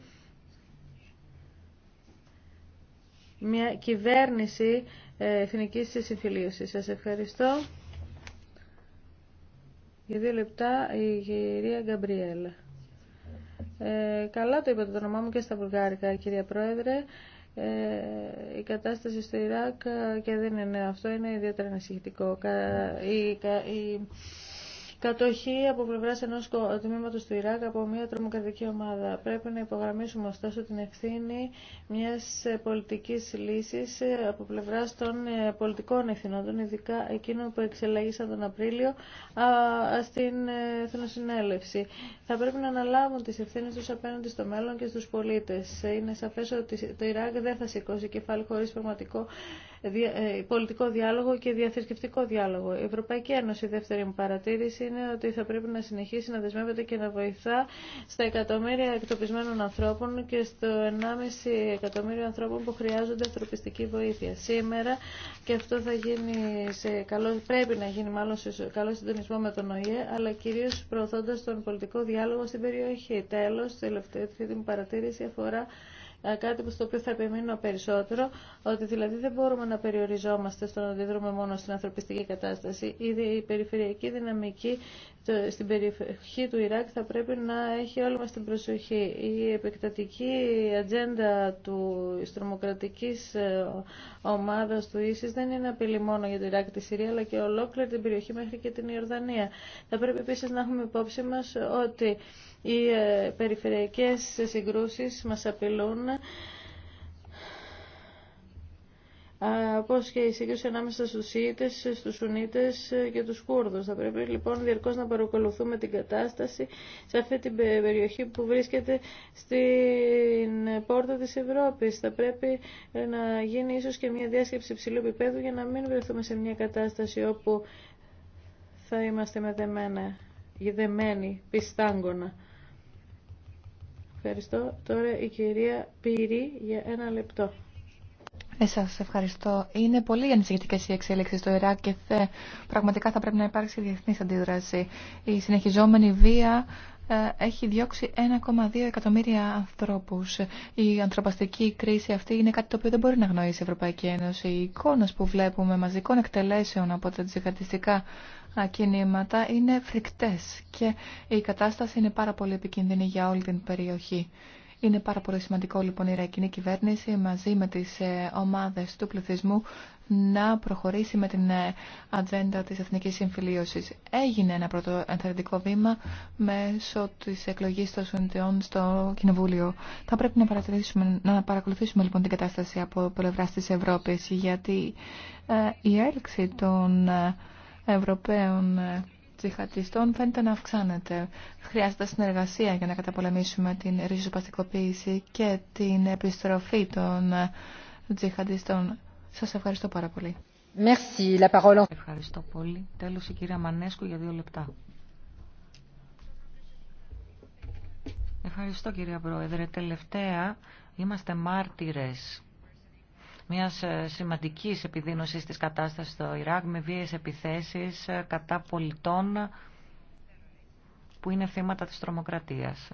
S1: μια κυβέρνηση ε, εθνικής συμφιλίωσης. Σας ευχαριστώ. Για δύο λεπτά η κυρία Γκαμπριέλα. Ε, καλά το είπατε το όνομά μου και στα βουλγάρικα, κυρία Πρόεδρε. Ε, η κατάσταση στο Ιράκ ε, και δεν είναι αυτό, είναι ιδιαίτερα ανησυχητικό. η, κατοχή από πλευρά ενό τμήματο του Ιράκ από μια τρομοκρατική ομάδα. Πρέπει να υπογραμμίσουμε ωστόσο την ευθύνη μια ε, πολιτική λύση ε, από πλευρά των ε, πολιτικών ευθυνών, ειδικά εκείνων που εξελέγησαν τον Απρίλιο στην Εθνοσυνέλευση. Θα πρέπει να αναλάβουν τι ευθύνε του απέναντι στο μέλλον και στου πολίτε. Είναι σαφέ ότι το Ιράκ δεν θα σηκώσει κεφάλι χωρί πραγματικό πολιτικό διάλογο και διαθρησκευτικό διάλογο. Η Ευρωπαϊκή Ένωση, δεύτερη μου παρατήρηση, είναι ότι θα πρέπει να συνεχίσει να δεσμεύεται και να βοηθά στα εκατομμύρια εκτοπισμένων ανθρώπων και στο 1,5 εκατομμύριο ανθρώπων που χρειάζονται ανθρωπιστική βοήθεια. Σήμερα και αυτό θα γίνει σε καλό, πρέπει να γίνει μάλλον σε καλό συντονισμό με τον ΟΗΕ, αλλά κυρίω προωθώντα τον πολιτικό διάλογο στην περιοχή. Τέλο, τελευταία μου παρατήρηση αφορά ε, κάτι που στο οποίο θα επιμείνω περισσότερο, ότι δηλαδή δεν μπορούμε να περιοριζόμαστε στο να αντιδρούμε μόνο στην ανθρωπιστική κατάσταση. Ήδη η περιφερειακή δυναμική στην περιοχή του Ιράκ θα πρέπει να έχει όλη μας την προσοχή. Η επεκτατική ατζέντα του τρομοκρατικής ε, ομάδας του ίσης δεν είναι απειλή μόνο για το Ιράκ τη Συρία, αλλά και ολόκληρη την περιοχή μέχρι και την Ιορδανία. Θα πρέπει επίσης να έχουμε υπόψη μας ότι οι ε, περιφερειακές συγκρούσεις μας απειλούν όπως και η σύγκριση ανάμεσα στους Ιήτες, στους Σουνίτες και τους Κούρδους. Θα πρέπει λοιπόν διαρκώς να παρακολουθούμε την κατάσταση σε αυτή την περιοχή που βρίσκεται στην πόρτα της Ευρώπης. Θα πρέπει ε, να γίνει ίσως και μια διάσκεψη ψηλού επίπεδου για να μην βρεθούμε σε μια κατάσταση όπου θα είμαστε δεμένα, δεμένοι, πιστάγκονα. Ευχαριστώ. Τώρα η κυρία Πύρη για ένα λεπτό.
S4: Ε, ευχαριστώ. Είναι πολύ ανησυχητικέ οι εξέλιξει στο Ιράκ και πραγματικά θα πρέπει να υπάρξει διεθνή αντίδραση. Η συνεχιζόμενη βία ε, έχει διώξει 1,2 εκατομμύρια ανθρώπους. Η ανθρωπαστική κρίση αυτή είναι κάτι το οποίο δεν μπορεί να γνωρίσει η Ευρωπαϊκή Ένωση. Οι εικόνε που βλέπουμε μαζικών εκτελέσεων από τα τζιχαντιστικά Ακίνηματα είναι φρικτές και η κατάσταση είναι πάρα πολύ επικίνδυνη για όλη την περιοχή. Είναι πάρα πολύ σημαντικό λοιπόν η Ιρακινή κυβέρνηση μαζί με τις ε, ομάδες του πληθυσμού να προχωρήσει με την ε, ατζέντα της Εθνικής Συμφιλίωσης. Έγινε ένα πρώτο ενθαρρυντικό βήμα μέσω της εκλογής των Σουντιών στο Κοινοβούλιο. Θα πρέπει να, να παρακολουθήσουμε λοιπόν την κατάσταση από πλευρά της Ευρώπης γιατί ε, η έλξη των Ευρωπαίων ε, τσιχατιστών φαίνεται να αυξάνεται. Χρειάζεται συνεργασία για να καταπολεμήσουμε την ριζοπαστικοποίηση και την επιστροφή των ε, τσιχατιστών. Σας ευχαριστώ πάρα πολύ.
S2: Ευχαριστώ πολύ. Τέλος η κυρία Μανέσκου για δύο λεπτά. Ευχαριστώ κυρία Πρόεδρε. Τελευταία είμαστε μάρτυρες μια ε, σημαντική επιδείνωση της κατάσταση στο Ιράκ με βίαιες επιθέσεις ε, κατά πολιτών που είναι θύματα της τρομοκρατίας.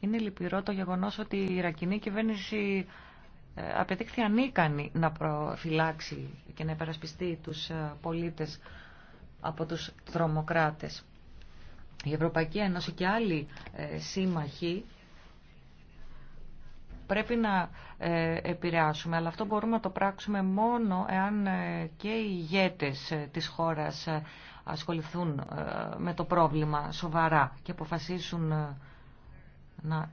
S2: Είναι λυπηρό το γεγονό ότι η Ιρακινή κυβέρνηση ε, απεδείχθη ανίκανη να προφυλάξει και να υπερασπιστεί τους πολίτες από τους τρομοκράτες. Η Ευρωπαϊκή Ένωση και άλλοι σύμμαχοι πρέπει να ε, επηρεάσουμε, αλλά αυτό μπορούμε να το πράξουμε μόνο εάν ε, και οι ηγέτες ε, της χώρας ασχοληθούν με το πρόβλημα σοβαρά και αποφασίσουν να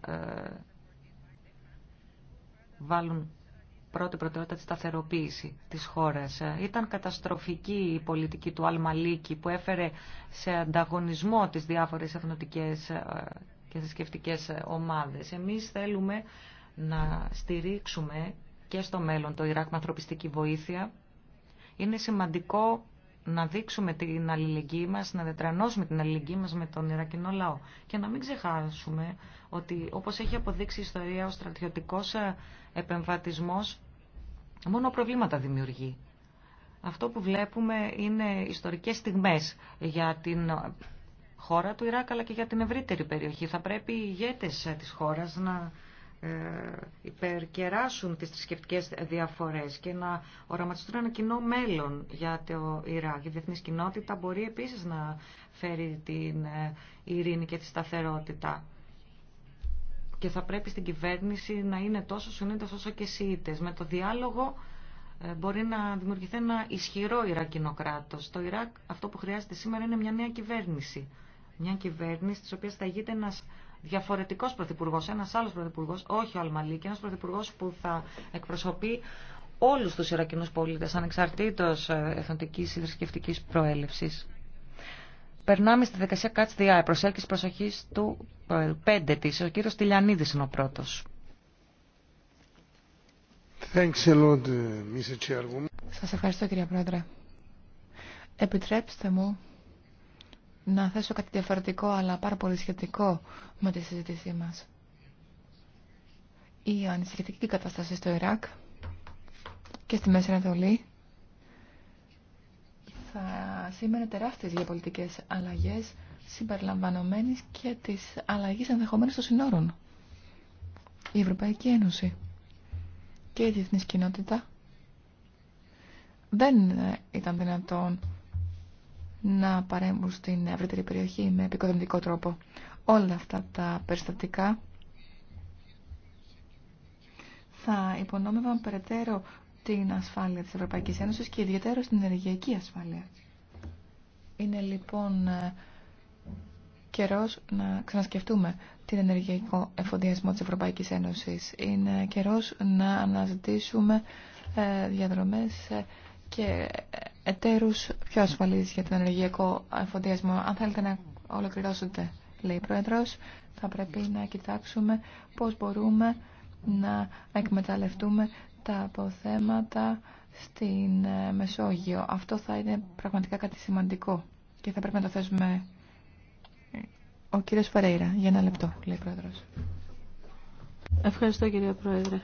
S2: βάλουν πρώτη προτεραιότητα τη σταθεροποίηση της χώρας. Ήταν καταστροφική η πολιτική του Αλμαλίκη που έφερε σε ανταγωνισμό τις διάφορες εθνοτικές και θρησκευτικέ ομάδες. Εμείς θέλουμε να στηρίξουμε και στο μέλλον το Ιράκ με ανθρωπιστική βοήθεια. Είναι σημαντικό να δείξουμε την αλληλεγγύη μας, να δετρανώσουμε την αλληλεγγύη μας με τον Ιρακινό λαό. Και να μην ξεχάσουμε ότι όπως έχει αποδείξει η ιστορία ο στρατιωτικός ε, επεμβατισμός μόνο προβλήματα δημιουργεί. Αυτό που βλέπουμε είναι ιστορικές στιγμές για την ε, χώρα του Ιράκ αλλά και για την ευρύτερη περιοχή. Θα πρέπει οι ηγέτες ε, της χώρας να ε, υπερκεράσουν τις θρησκευτικέ διαφορές και να οραματιστούν ένα κοινό μέλλον για το Ιράκ. Η διεθνής κοινότητα μπορεί επίσης να φέρει την ε, ειρήνη και τη σταθερότητα. Και θα πρέπει στην κυβέρνηση να είναι τόσο συνήθως όσο και σύντες. Με το διάλογο ε, μπορεί να δημιουργηθεί ένα ισχυρό Ιρακινό κράτος. Το Ιράκ αυτό που χρειάζεται σήμερα είναι μια νέα κυβέρνηση. Μια κυβέρνηση της οποίας θα ηγείται ένας διαφορετικό πρωθυπουργό, ένα άλλο πρωθυπουργό, όχι ο Αλμαλίκη, ένα πρωθυπουργό που θα εκπροσωπεί όλου του Ιρακινού πολίτε, ανεξαρτήτω ε, εθνοτική ή θρησκευτική προέλευση. Περνάμε στη δικασία Catch the Eye, προσέλκυση προσοχή του πέντε τη. Ο κύριο Τηλιανίδη είναι ο πρώτο.
S6: Ε,
S4: Σας ευχαριστώ κύριε Πρόεδρε. Επιτρέψτε μου να θέσω κάτι διαφορετικό αλλά πάρα πολύ σχετικό με τη συζήτησή μας. Η ανησυχητική κατάσταση στο Ιράκ και στη Μέση Ανατολή θα σήμαινε τεράστιες γεωπολιτικές αλλαγές συμπεριλαμβανομένης και της αλλαγής ενδεχομένως των συνόρων. Η Ευρωπαϊκή Ένωση και η διεθνής κοινότητα δεν ήταν δυνατόν να παρέμβουν στην ευρύτερη περιοχή με επικοδομητικό τρόπο. Όλα αυτά τα περιστατικά θα υπονόμευαν περαιτέρω την ασφάλεια της Ευρωπαϊκής Ένωσης και ιδιαίτερα στην ενεργειακή ασφάλεια. Είναι λοιπόν ε, καιρός να ξανασκεφτούμε την ενεργειακό εφοδιασμό της Ευρωπαϊκής Ένωσης. Είναι καιρός να αναζητήσουμε ε, διαδρομές ε, και εταίρους πιο ασφαλείς για τον ενεργειακό εφοδιασμό. Αν θέλετε να ολοκληρώσετε, λέει η Πρόεδρος, θα πρέπει να κοιτάξουμε πώς μπορούμε να εκμεταλλευτούμε τα αποθέματα στην ε, Μεσόγειο. Αυτό θα είναι πραγματικά κάτι σημαντικό και θα πρέπει να το θέσουμε ο κύριος Φεραίρα. για ένα λεπτό, λέει η Πρόεδρος.
S1: Ευχαριστώ κύριε Πρόεδρε.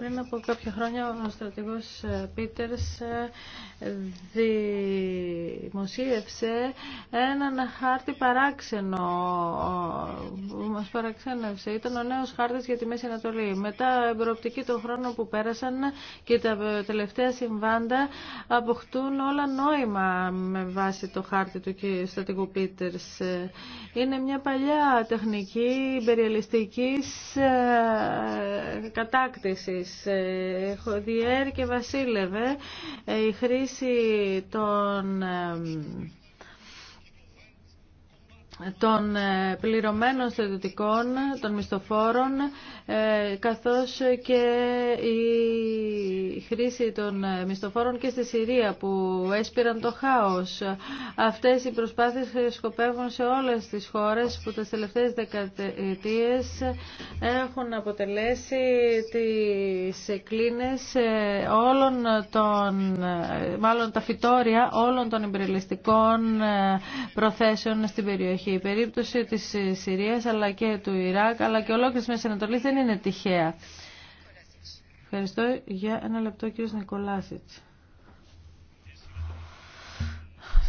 S1: Πριν από κάποια χρόνια ο στρατηγός ε, Πίτερς ε, δημοσίευσε έναν χάρτη παράξενο που μας παραξένευσε. Ήταν ο νέος χάρτης για τη Μέση Ανατολή. Μετά προοπτική των χρόνο που πέρασαν και τα ε, τελευταία συμβάντα αποκτούν όλα νόημα με βάση το χάρτη του στρατηγού Πίτερς. Είναι μια παλιά τεχνική περιελιστικής κατάκτησης της ε, και Βασίλευε ε, η χρήση των ε, των ε, πληρωμένων στρατιωτικών, των μισθοφόρων, ε, καθώς και η χρήση των ε, μισθοφόρων και στη Συρία που έσπηραν το χάος. Αυτές οι προσπάθειες σκοπεύουν σε όλες τις χώρες που τις τελευταίες δεκαετίες έχουν αποτελέσει τις κλίνες όλων των, μάλλον τα φυτόρια όλων των υπηρελιστικών προθέσεων στην περιοχή η περίπτωση της Συρίας αλλά και του Ιράκ αλλά και ολόκληρης Μέσης Ανατολής δεν είναι τυχαία. Ευχαριστώ για ένα λεπτό κύριο Νικολάσιτς.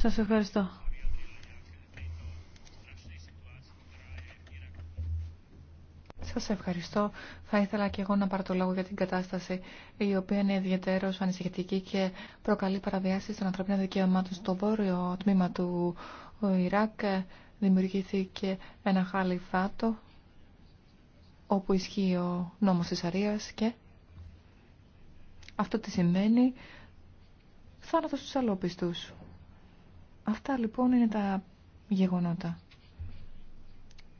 S1: Σας ευχαριστώ.
S4: Σας ευχαριστώ. Θα ήθελα και εγώ να πάρω το λόγο για την κατάσταση η οποία είναι ιδιαίτερο ανησυχητική και προκαλεί παραβιάσεις των ανθρωπίνων δικαιωμάτων στο βόρειο τμήμα του Ιράκ δημιουργήθηκε ένα χαλιφάτο όπου ισχύει ο νόμος της Αρίας και αυτό τι σημαίνει θάνατος στους αλόπιστους. Αυτά λοιπόν είναι τα γεγονότα.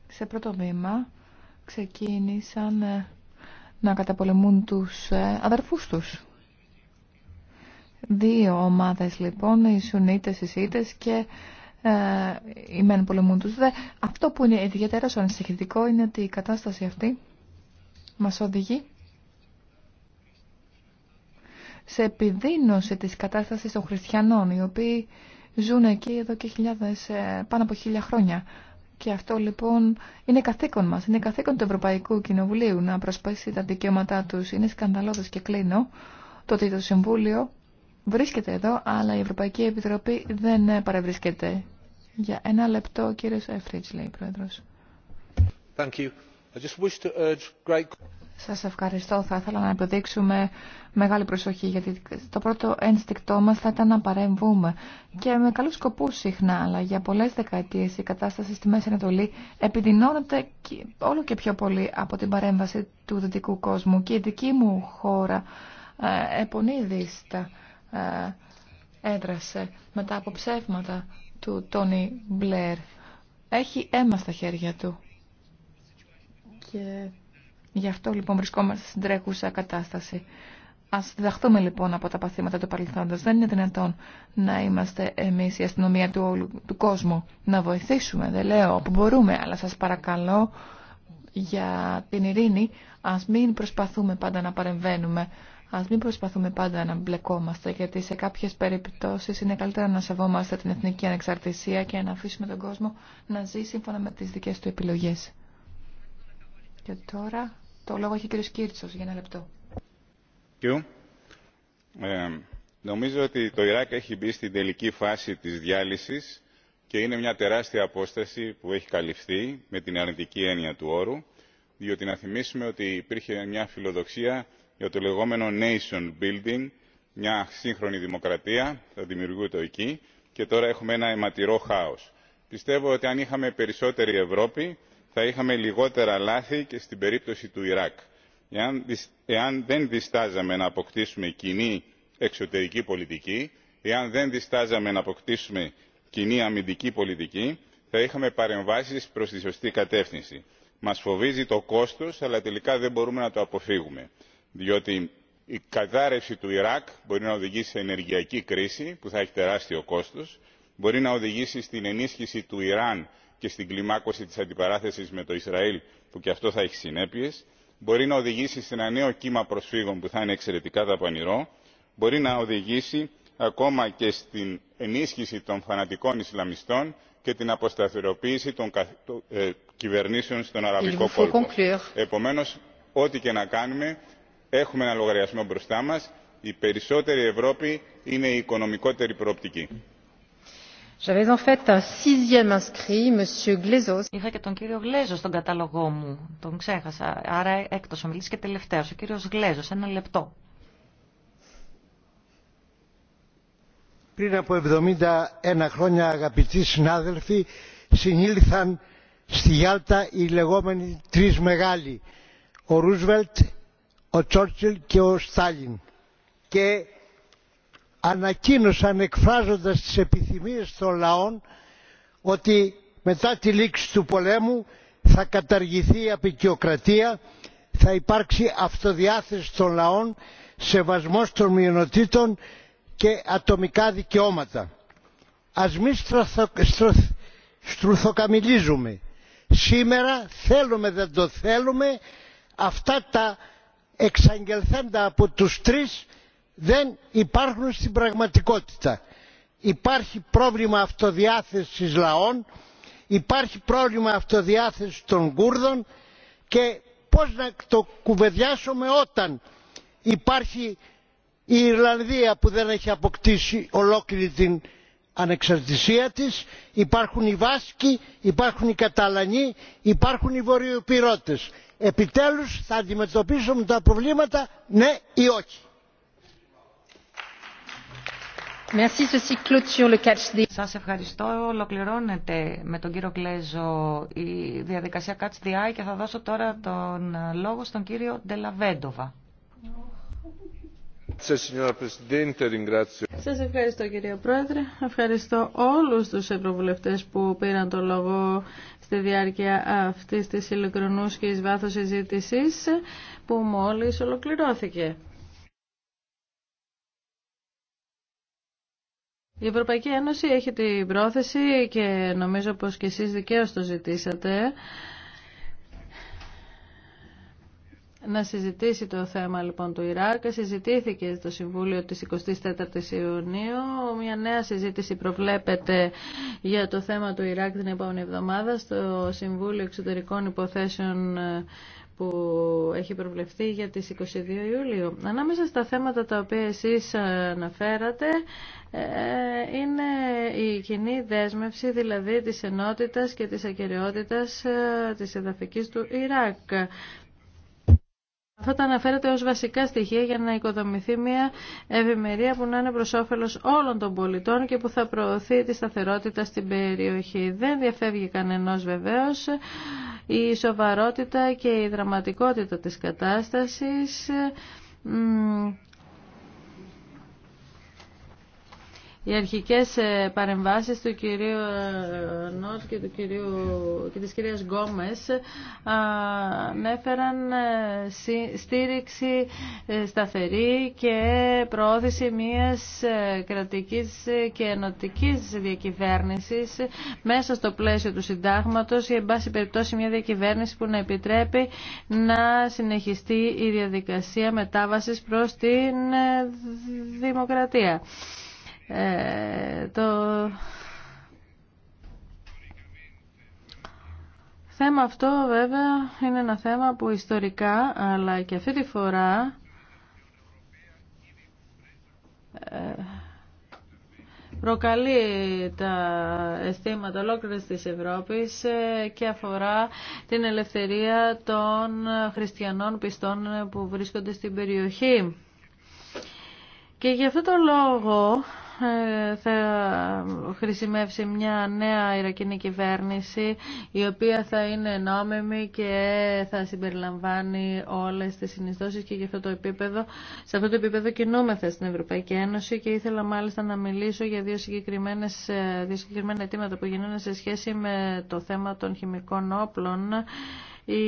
S4: Σε πρώτο βήμα ξεκίνησαν ε, να καταπολεμούν τους ε, αδερφούς τους. Δύο ομάδες λοιπόν, οι Σουνίτες, οι Σίτες και ε, οι μεν πολεμούν τους Αυτό που είναι ιδιαίτερα ανησυχητικό είναι ότι η κατάσταση αυτή μας οδηγεί σε επιδείνωση της κατάστασης των χριστιανών, οι οποίοι ζουν εκεί εδώ και χιλιάδες, ε, πάνω από χίλια χρόνια. Και αυτό λοιπόν είναι καθήκον μας, είναι καθήκον του Ευρωπαϊκού Κοινοβουλίου να προσπαθήσει τα δικαιώματά τους. Είναι σκανδαλώδες και κλείνω το ότι το Συμβούλιο βρίσκεται εδώ, αλλά η Ευρωπαϊκή Επιτροπή δεν παρευρίσκεται. Για ένα λεπτό, ο κύριος Εφρίτς, λέει η Πρόεδρος. Thank Σας ευχαριστώ. Θα ήθελα να επιδείξουμε μεγάλη προσοχή, γιατί το πρώτο ένστικτό μας θα ήταν να παρεμβούμε. Και με καλούς σκοπούς συχνά, αλλά για πολλές δεκαετίες η κατάσταση στη Μέση Ανατολή επιδεινώνεται όλο και πιο πολύ από την παρέμβαση του δυτικού κόσμου. Και η δική μου χώρα ε, ε, έδρασε με τα αποψεύματα του Τόνι Μπλερ. Έχει αίμα στα χέρια του. Και γι' αυτό λοιπόν βρισκόμαστε στην τρέχουσα κατάσταση. Ας διδαχθούμε λοιπόν από τα παθήματα του παρελθόντος. Δεν είναι δυνατόν να είμαστε εμείς η αστυνομία του, όλου, του κόσμου. Να βοηθήσουμε, δεν λέω, που μπορούμε, αλλά σας παρακαλώ για την ειρήνη, ας μην προσπαθούμε πάντα να παρεμβαίνουμε Ας μην προσπαθούμε πάντα να μπλεκόμαστε, γιατί σε κάποιες περιπτώσεις είναι καλύτερα να σεβόμαστε την εθνική ανεξαρτησία και να αφήσουμε τον κόσμο να ζει σύμφωνα με τις δικές του επιλογές. Και τώρα το λόγο έχει ο κ. Κίρτσος για ένα λεπτό.
S3: Ε, νομίζω ότι το Ιράκ έχει μπει στην τελική φάση της διάλυσης και είναι μια τεράστια απόσταση που έχει καλυφθεί με την αρνητική έννοια του όρου, διότι να θυμίσουμε ότι υπήρχε μια φιλοδοξία για το λεγόμενο nation building μια σύγχρονη δημοκρατία θα δημιουργούνται εκεί και τώρα έχουμε ένα αιματηρό χάο. πιστεύω ότι αν είχαμε περισσότερη ευρώπη θα είχαμε λιγότερα λάθη και στην περίπτωση του ιράκ. εάν, δεν διστάζαμε να αποκτήσουμε κοινή εξωτερική πολιτική εάν δεν διστάζαμε να αποκτήσουμε κοινή αμυντική πολιτική θα είχαμε παρεμβάσει προ τη σωστή κατεύθυνση. Μα φοβίζει το κόστο, αλλά τελικά δεν μπορούμε να το αποφύγουμε διότι η κατάρρευση του ιράκ μπορεί να οδηγήσει σε ενεργειακή κρίση που θα έχει τεράστιο κόστος μπορεί να οδηγήσει στην ενίσχυση του ιράν και στην κλιμάκωση της αντιπαράθεσης με το ισραήλ που και αυτό θα έχει συνέπειες μπορεί να οδηγήσει σε ένα νέο κύμα προσφύγων που θα είναι εξαιρετικά δαπανηρό μπορεί να οδηγήσει ακόμα και στην ενίσχυση των φανατικών ισλαμιστών και την αποσταθεροποίηση των ε, κυβερνήσεων στον αραβικό κόσμο. επομένως ό,τι και να κάνουμε έχουμε ένα λογαριασμό μπροστά μα η περισσότερη ευρώπη είναι η οικονομικότερη προοπτική.
S2: Είχα και τον κύριο Γλέζο στον κατάλογό μου. Τον ξέχασα. Άρα έκτο ο και τελευταίο. Ο κύριο Γλέζο, ένα λεπτό.
S6: Πριν από 71 χρόνια, αγαπητοί συνάδελφοι, συνήλθαν στη Γιάλτα οι λεγόμενοι τρει μεγάλοι. Ο Ρούσβελτ, ο Τσόρτσιλ και ο Στάλιν και ανακοίνωσαν εκφράζοντας τις επιθυμίες των λαών ότι μετά τη λήξη του πολέμου θα καταργηθεί η απεικιοκρατία, θα υπάρξει αυτοδιάθεση των λαών, σεβασμός των μειονοτήτων και ατομικά δικαιώματα. Ας μην στρωθο... στρουθοκαμιλίζουμε. Σήμερα θέλουμε δεν το θέλουμε αυτά τα εξαγγελθέντα από τους τρεις δεν υπάρχουν στην πραγματικότητα. Υπάρχει πρόβλημα αυτοδιάθεσης λαών, υπάρχει πρόβλημα αυτοδιάθεσης των Κούρδων και πώς να το κουβεδιάσουμε όταν υπάρχει η Ιρλανδία που δεν έχει αποκτήσει ολόκληρη την ανεξαρτησία της, υπάρχουν οι Βάσκοι, υπάρχουν οι Καταλανοί, υπάρχουν οι Βορειοπυρώτες επιτέλους θα αντιμετωπίσουμε τα προβλήματα ναι ή όχι.
S2: Σας ευχαριστώ. Ολοκληρώνεται με τον κύριο Κλέζο η διαδικασία Catch the Eye και θα δώσω τώρα τον λόγο στον κύριο Ντελαβέντοβα. Σας ευχαριστώ κύριε Πρόεδρε. Ευχαριστώ όλους τους
S1: ευρωβουλευτές που πήραν τον λόγο στη διάρκεια αυτή τη ειλικρινούς και εις βάθος που μόλις ολοκληρώθηκε. Η Ευρωπαϊκή Ένωση έχει την πρόθεση και νομίζω πως και εσείς δικαίως το ζητήσατε να συζητήσει το θέμα λοιπόν του Ιράκ. Συζητήθηκε στο Συμβούλιο της 24ης Ιουνίου. Μια νέα συζήτηση προβλέπεται για το θέμα του Ιράκ την επόμενη εβδομάδα στο Συμβούλιο Εξωτερικών Υποθέσεων ε, που έχει προβλεφθεί για τις 22 Ιουλίου. Ανάμεσα στα θέματα τα οποία εσείς αναφέρατε ε, είναι η κοινή δέσμευση δηλαδή της ενότητας και της ακεραιότητας ε, της εδαφικής του Ιράκ. Αυτό τα αναφέρεται ως βασικά στοιχεία για να οικοδομηθεί μια ευημερία που να είναι προς όφελος όλων των πολιτών και που θα προωθεί τη σταθερότητα στην περιοχή. Δεν διαφεύγει κανενός βεβαίως η σοβαρότητα και η δραματικότητα της κατάστασης Οι αρχικές ε, παρεμβάσεις του κυρίου ε, Νότ και, του κυρίου, και της κυρίας Γκόμες ε, ανέφεραν στήριξη σταθερή και προώθηση μιας κρατικής και ενωτικής διακυβέρνησης μέσα στο πλαίσιο του συντάγματος ή εν πάση περιπτώσει μια διακυβέρνηση που να επιτρέπει να συνεχιστεί η διαδικασία μετάβασης προς την δημοκρατία. Ε, το θέμα αυτό βέβαια είναι ένα θέμα που ιστορικά αλλά και αυτή τη φορά ε, προκαλεί τα αισθήματα ολόκληρη της Ευρώπης ε, και αφορά την ελευθερία των χριστιανών πιστών που βρίσκονται στην περιοχή. Και γι' αυτό το λόγο ε, θα χρησιμεύσει μια νέα Ιρακινή κυβέρνηση η οποία θα είναι νόμιμη και θα συμπεριλαμβάνει όλες τις συνιστώσεις και για αυτό το επίπεδο, σε αυτό το επίπεδο κινούμεθα στην Ευρωπαϊκή Ένωση και ήθελα μάλιστα να μιλήσω για δύο, συγκεκριμένες, ε, δύο συγκεκριμένα αιτήματα που γίνονται σε σχέση με το θέμα των χημικών όπλων η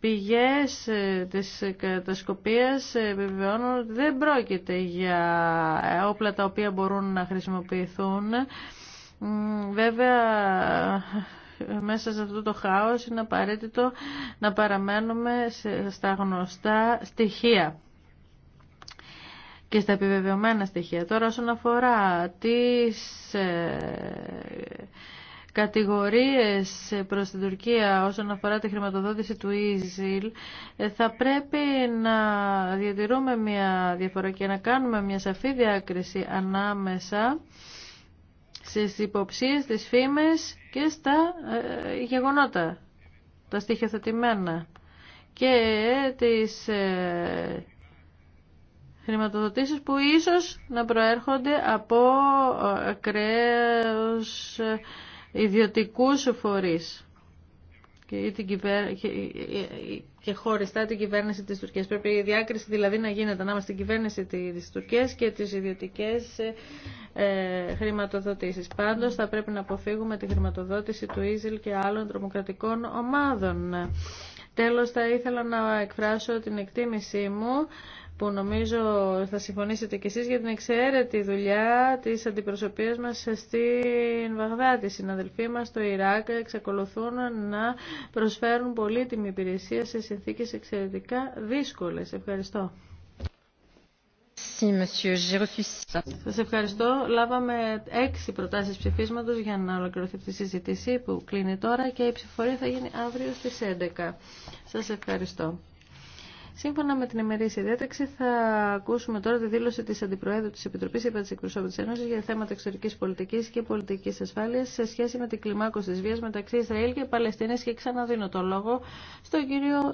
S1: Πηγές ε, της κατασκοπίας επιβεβαιώνουν ότι δεν πρόκειται για ε, όπλα τα οποία μπορούν να χρησιμοποιηθούν. Βέβαια, μέσα σε αυτό το χάος είναι απαραίτητο να παραμένουμε στα γνωστά στοιχεία και στα επιβεβαιωμένα στοιχεία. Τώρα όσον αφορά τις ε, κατηγορίες προς την Τουρκία όσον αφορά τη χρηματοδότηση του ΙΖΙΛ ε, θα πρέπει να διατηρούμε μια διαφορά και να κάνουμε μια σαφή διάκριση ανάμεσα στις υποψίες, τις φήμες και στα ε, γεγονότα, τα στοιχειοθετημένα και ε, τις χρηματοδοτήσεις που ίσως να προέρχονται από ακραίους ιδιωτικούς φορείς και, την κυβέρ... και χωριστά την κυβέρνηση της Τουρκίας. Πρέπει η διάκριση δηλαδή να γίνεται ανάμεσα στην κυβέρνηση της Τουρκίας και τις ιδιωτικές ε, χρηματοδοτήσεις. Πάντως θα πρέπει να αποφύγουμε τη χρηματοδότηση του Ίζιλ και άλλων τρομοκρατικών ομάδων. Τέλος θα ήθελα να εκφράσω την εκτίμησή μου που νομίζω θα συμφωνήσετε κι εσείς για την εξαίρετη δουλειά της αντιπροσωπείας μας στην Βαγδάτη. Οι συναδελφοί μας στο Ιράκ εξακολουθούν να προσφέρουν πολύτιμη υπηρεσία σε συνθήκες εξαιρετικά δύσκολες. Ευχαριστώ. Σα ευχαριστώ. Λάβαμε έξι προτάσει ψηφίσματο για να ολοκληρωθεί αυτή η συζήτηση που κλείνει τώρα και η ψηφορία θα γίνει αύριο στι 11. Σα ευχαριστώ. Σύμφωνα με την ημερήσια διάταξη, θα ακούσουμε τώρα τη δήλωση τη Αντιπροέδρου τη Επιτροπή Υπέρ τη τη Ένωση για θέματα εξωτερική πολιτική και πολιτική ασφάλεια σε σχέση με την κλιμάκωση τη βία μεταξύ Ισραήλ και Παλαιστίνη. Και ξαναδίνω το λόγο στον κύριο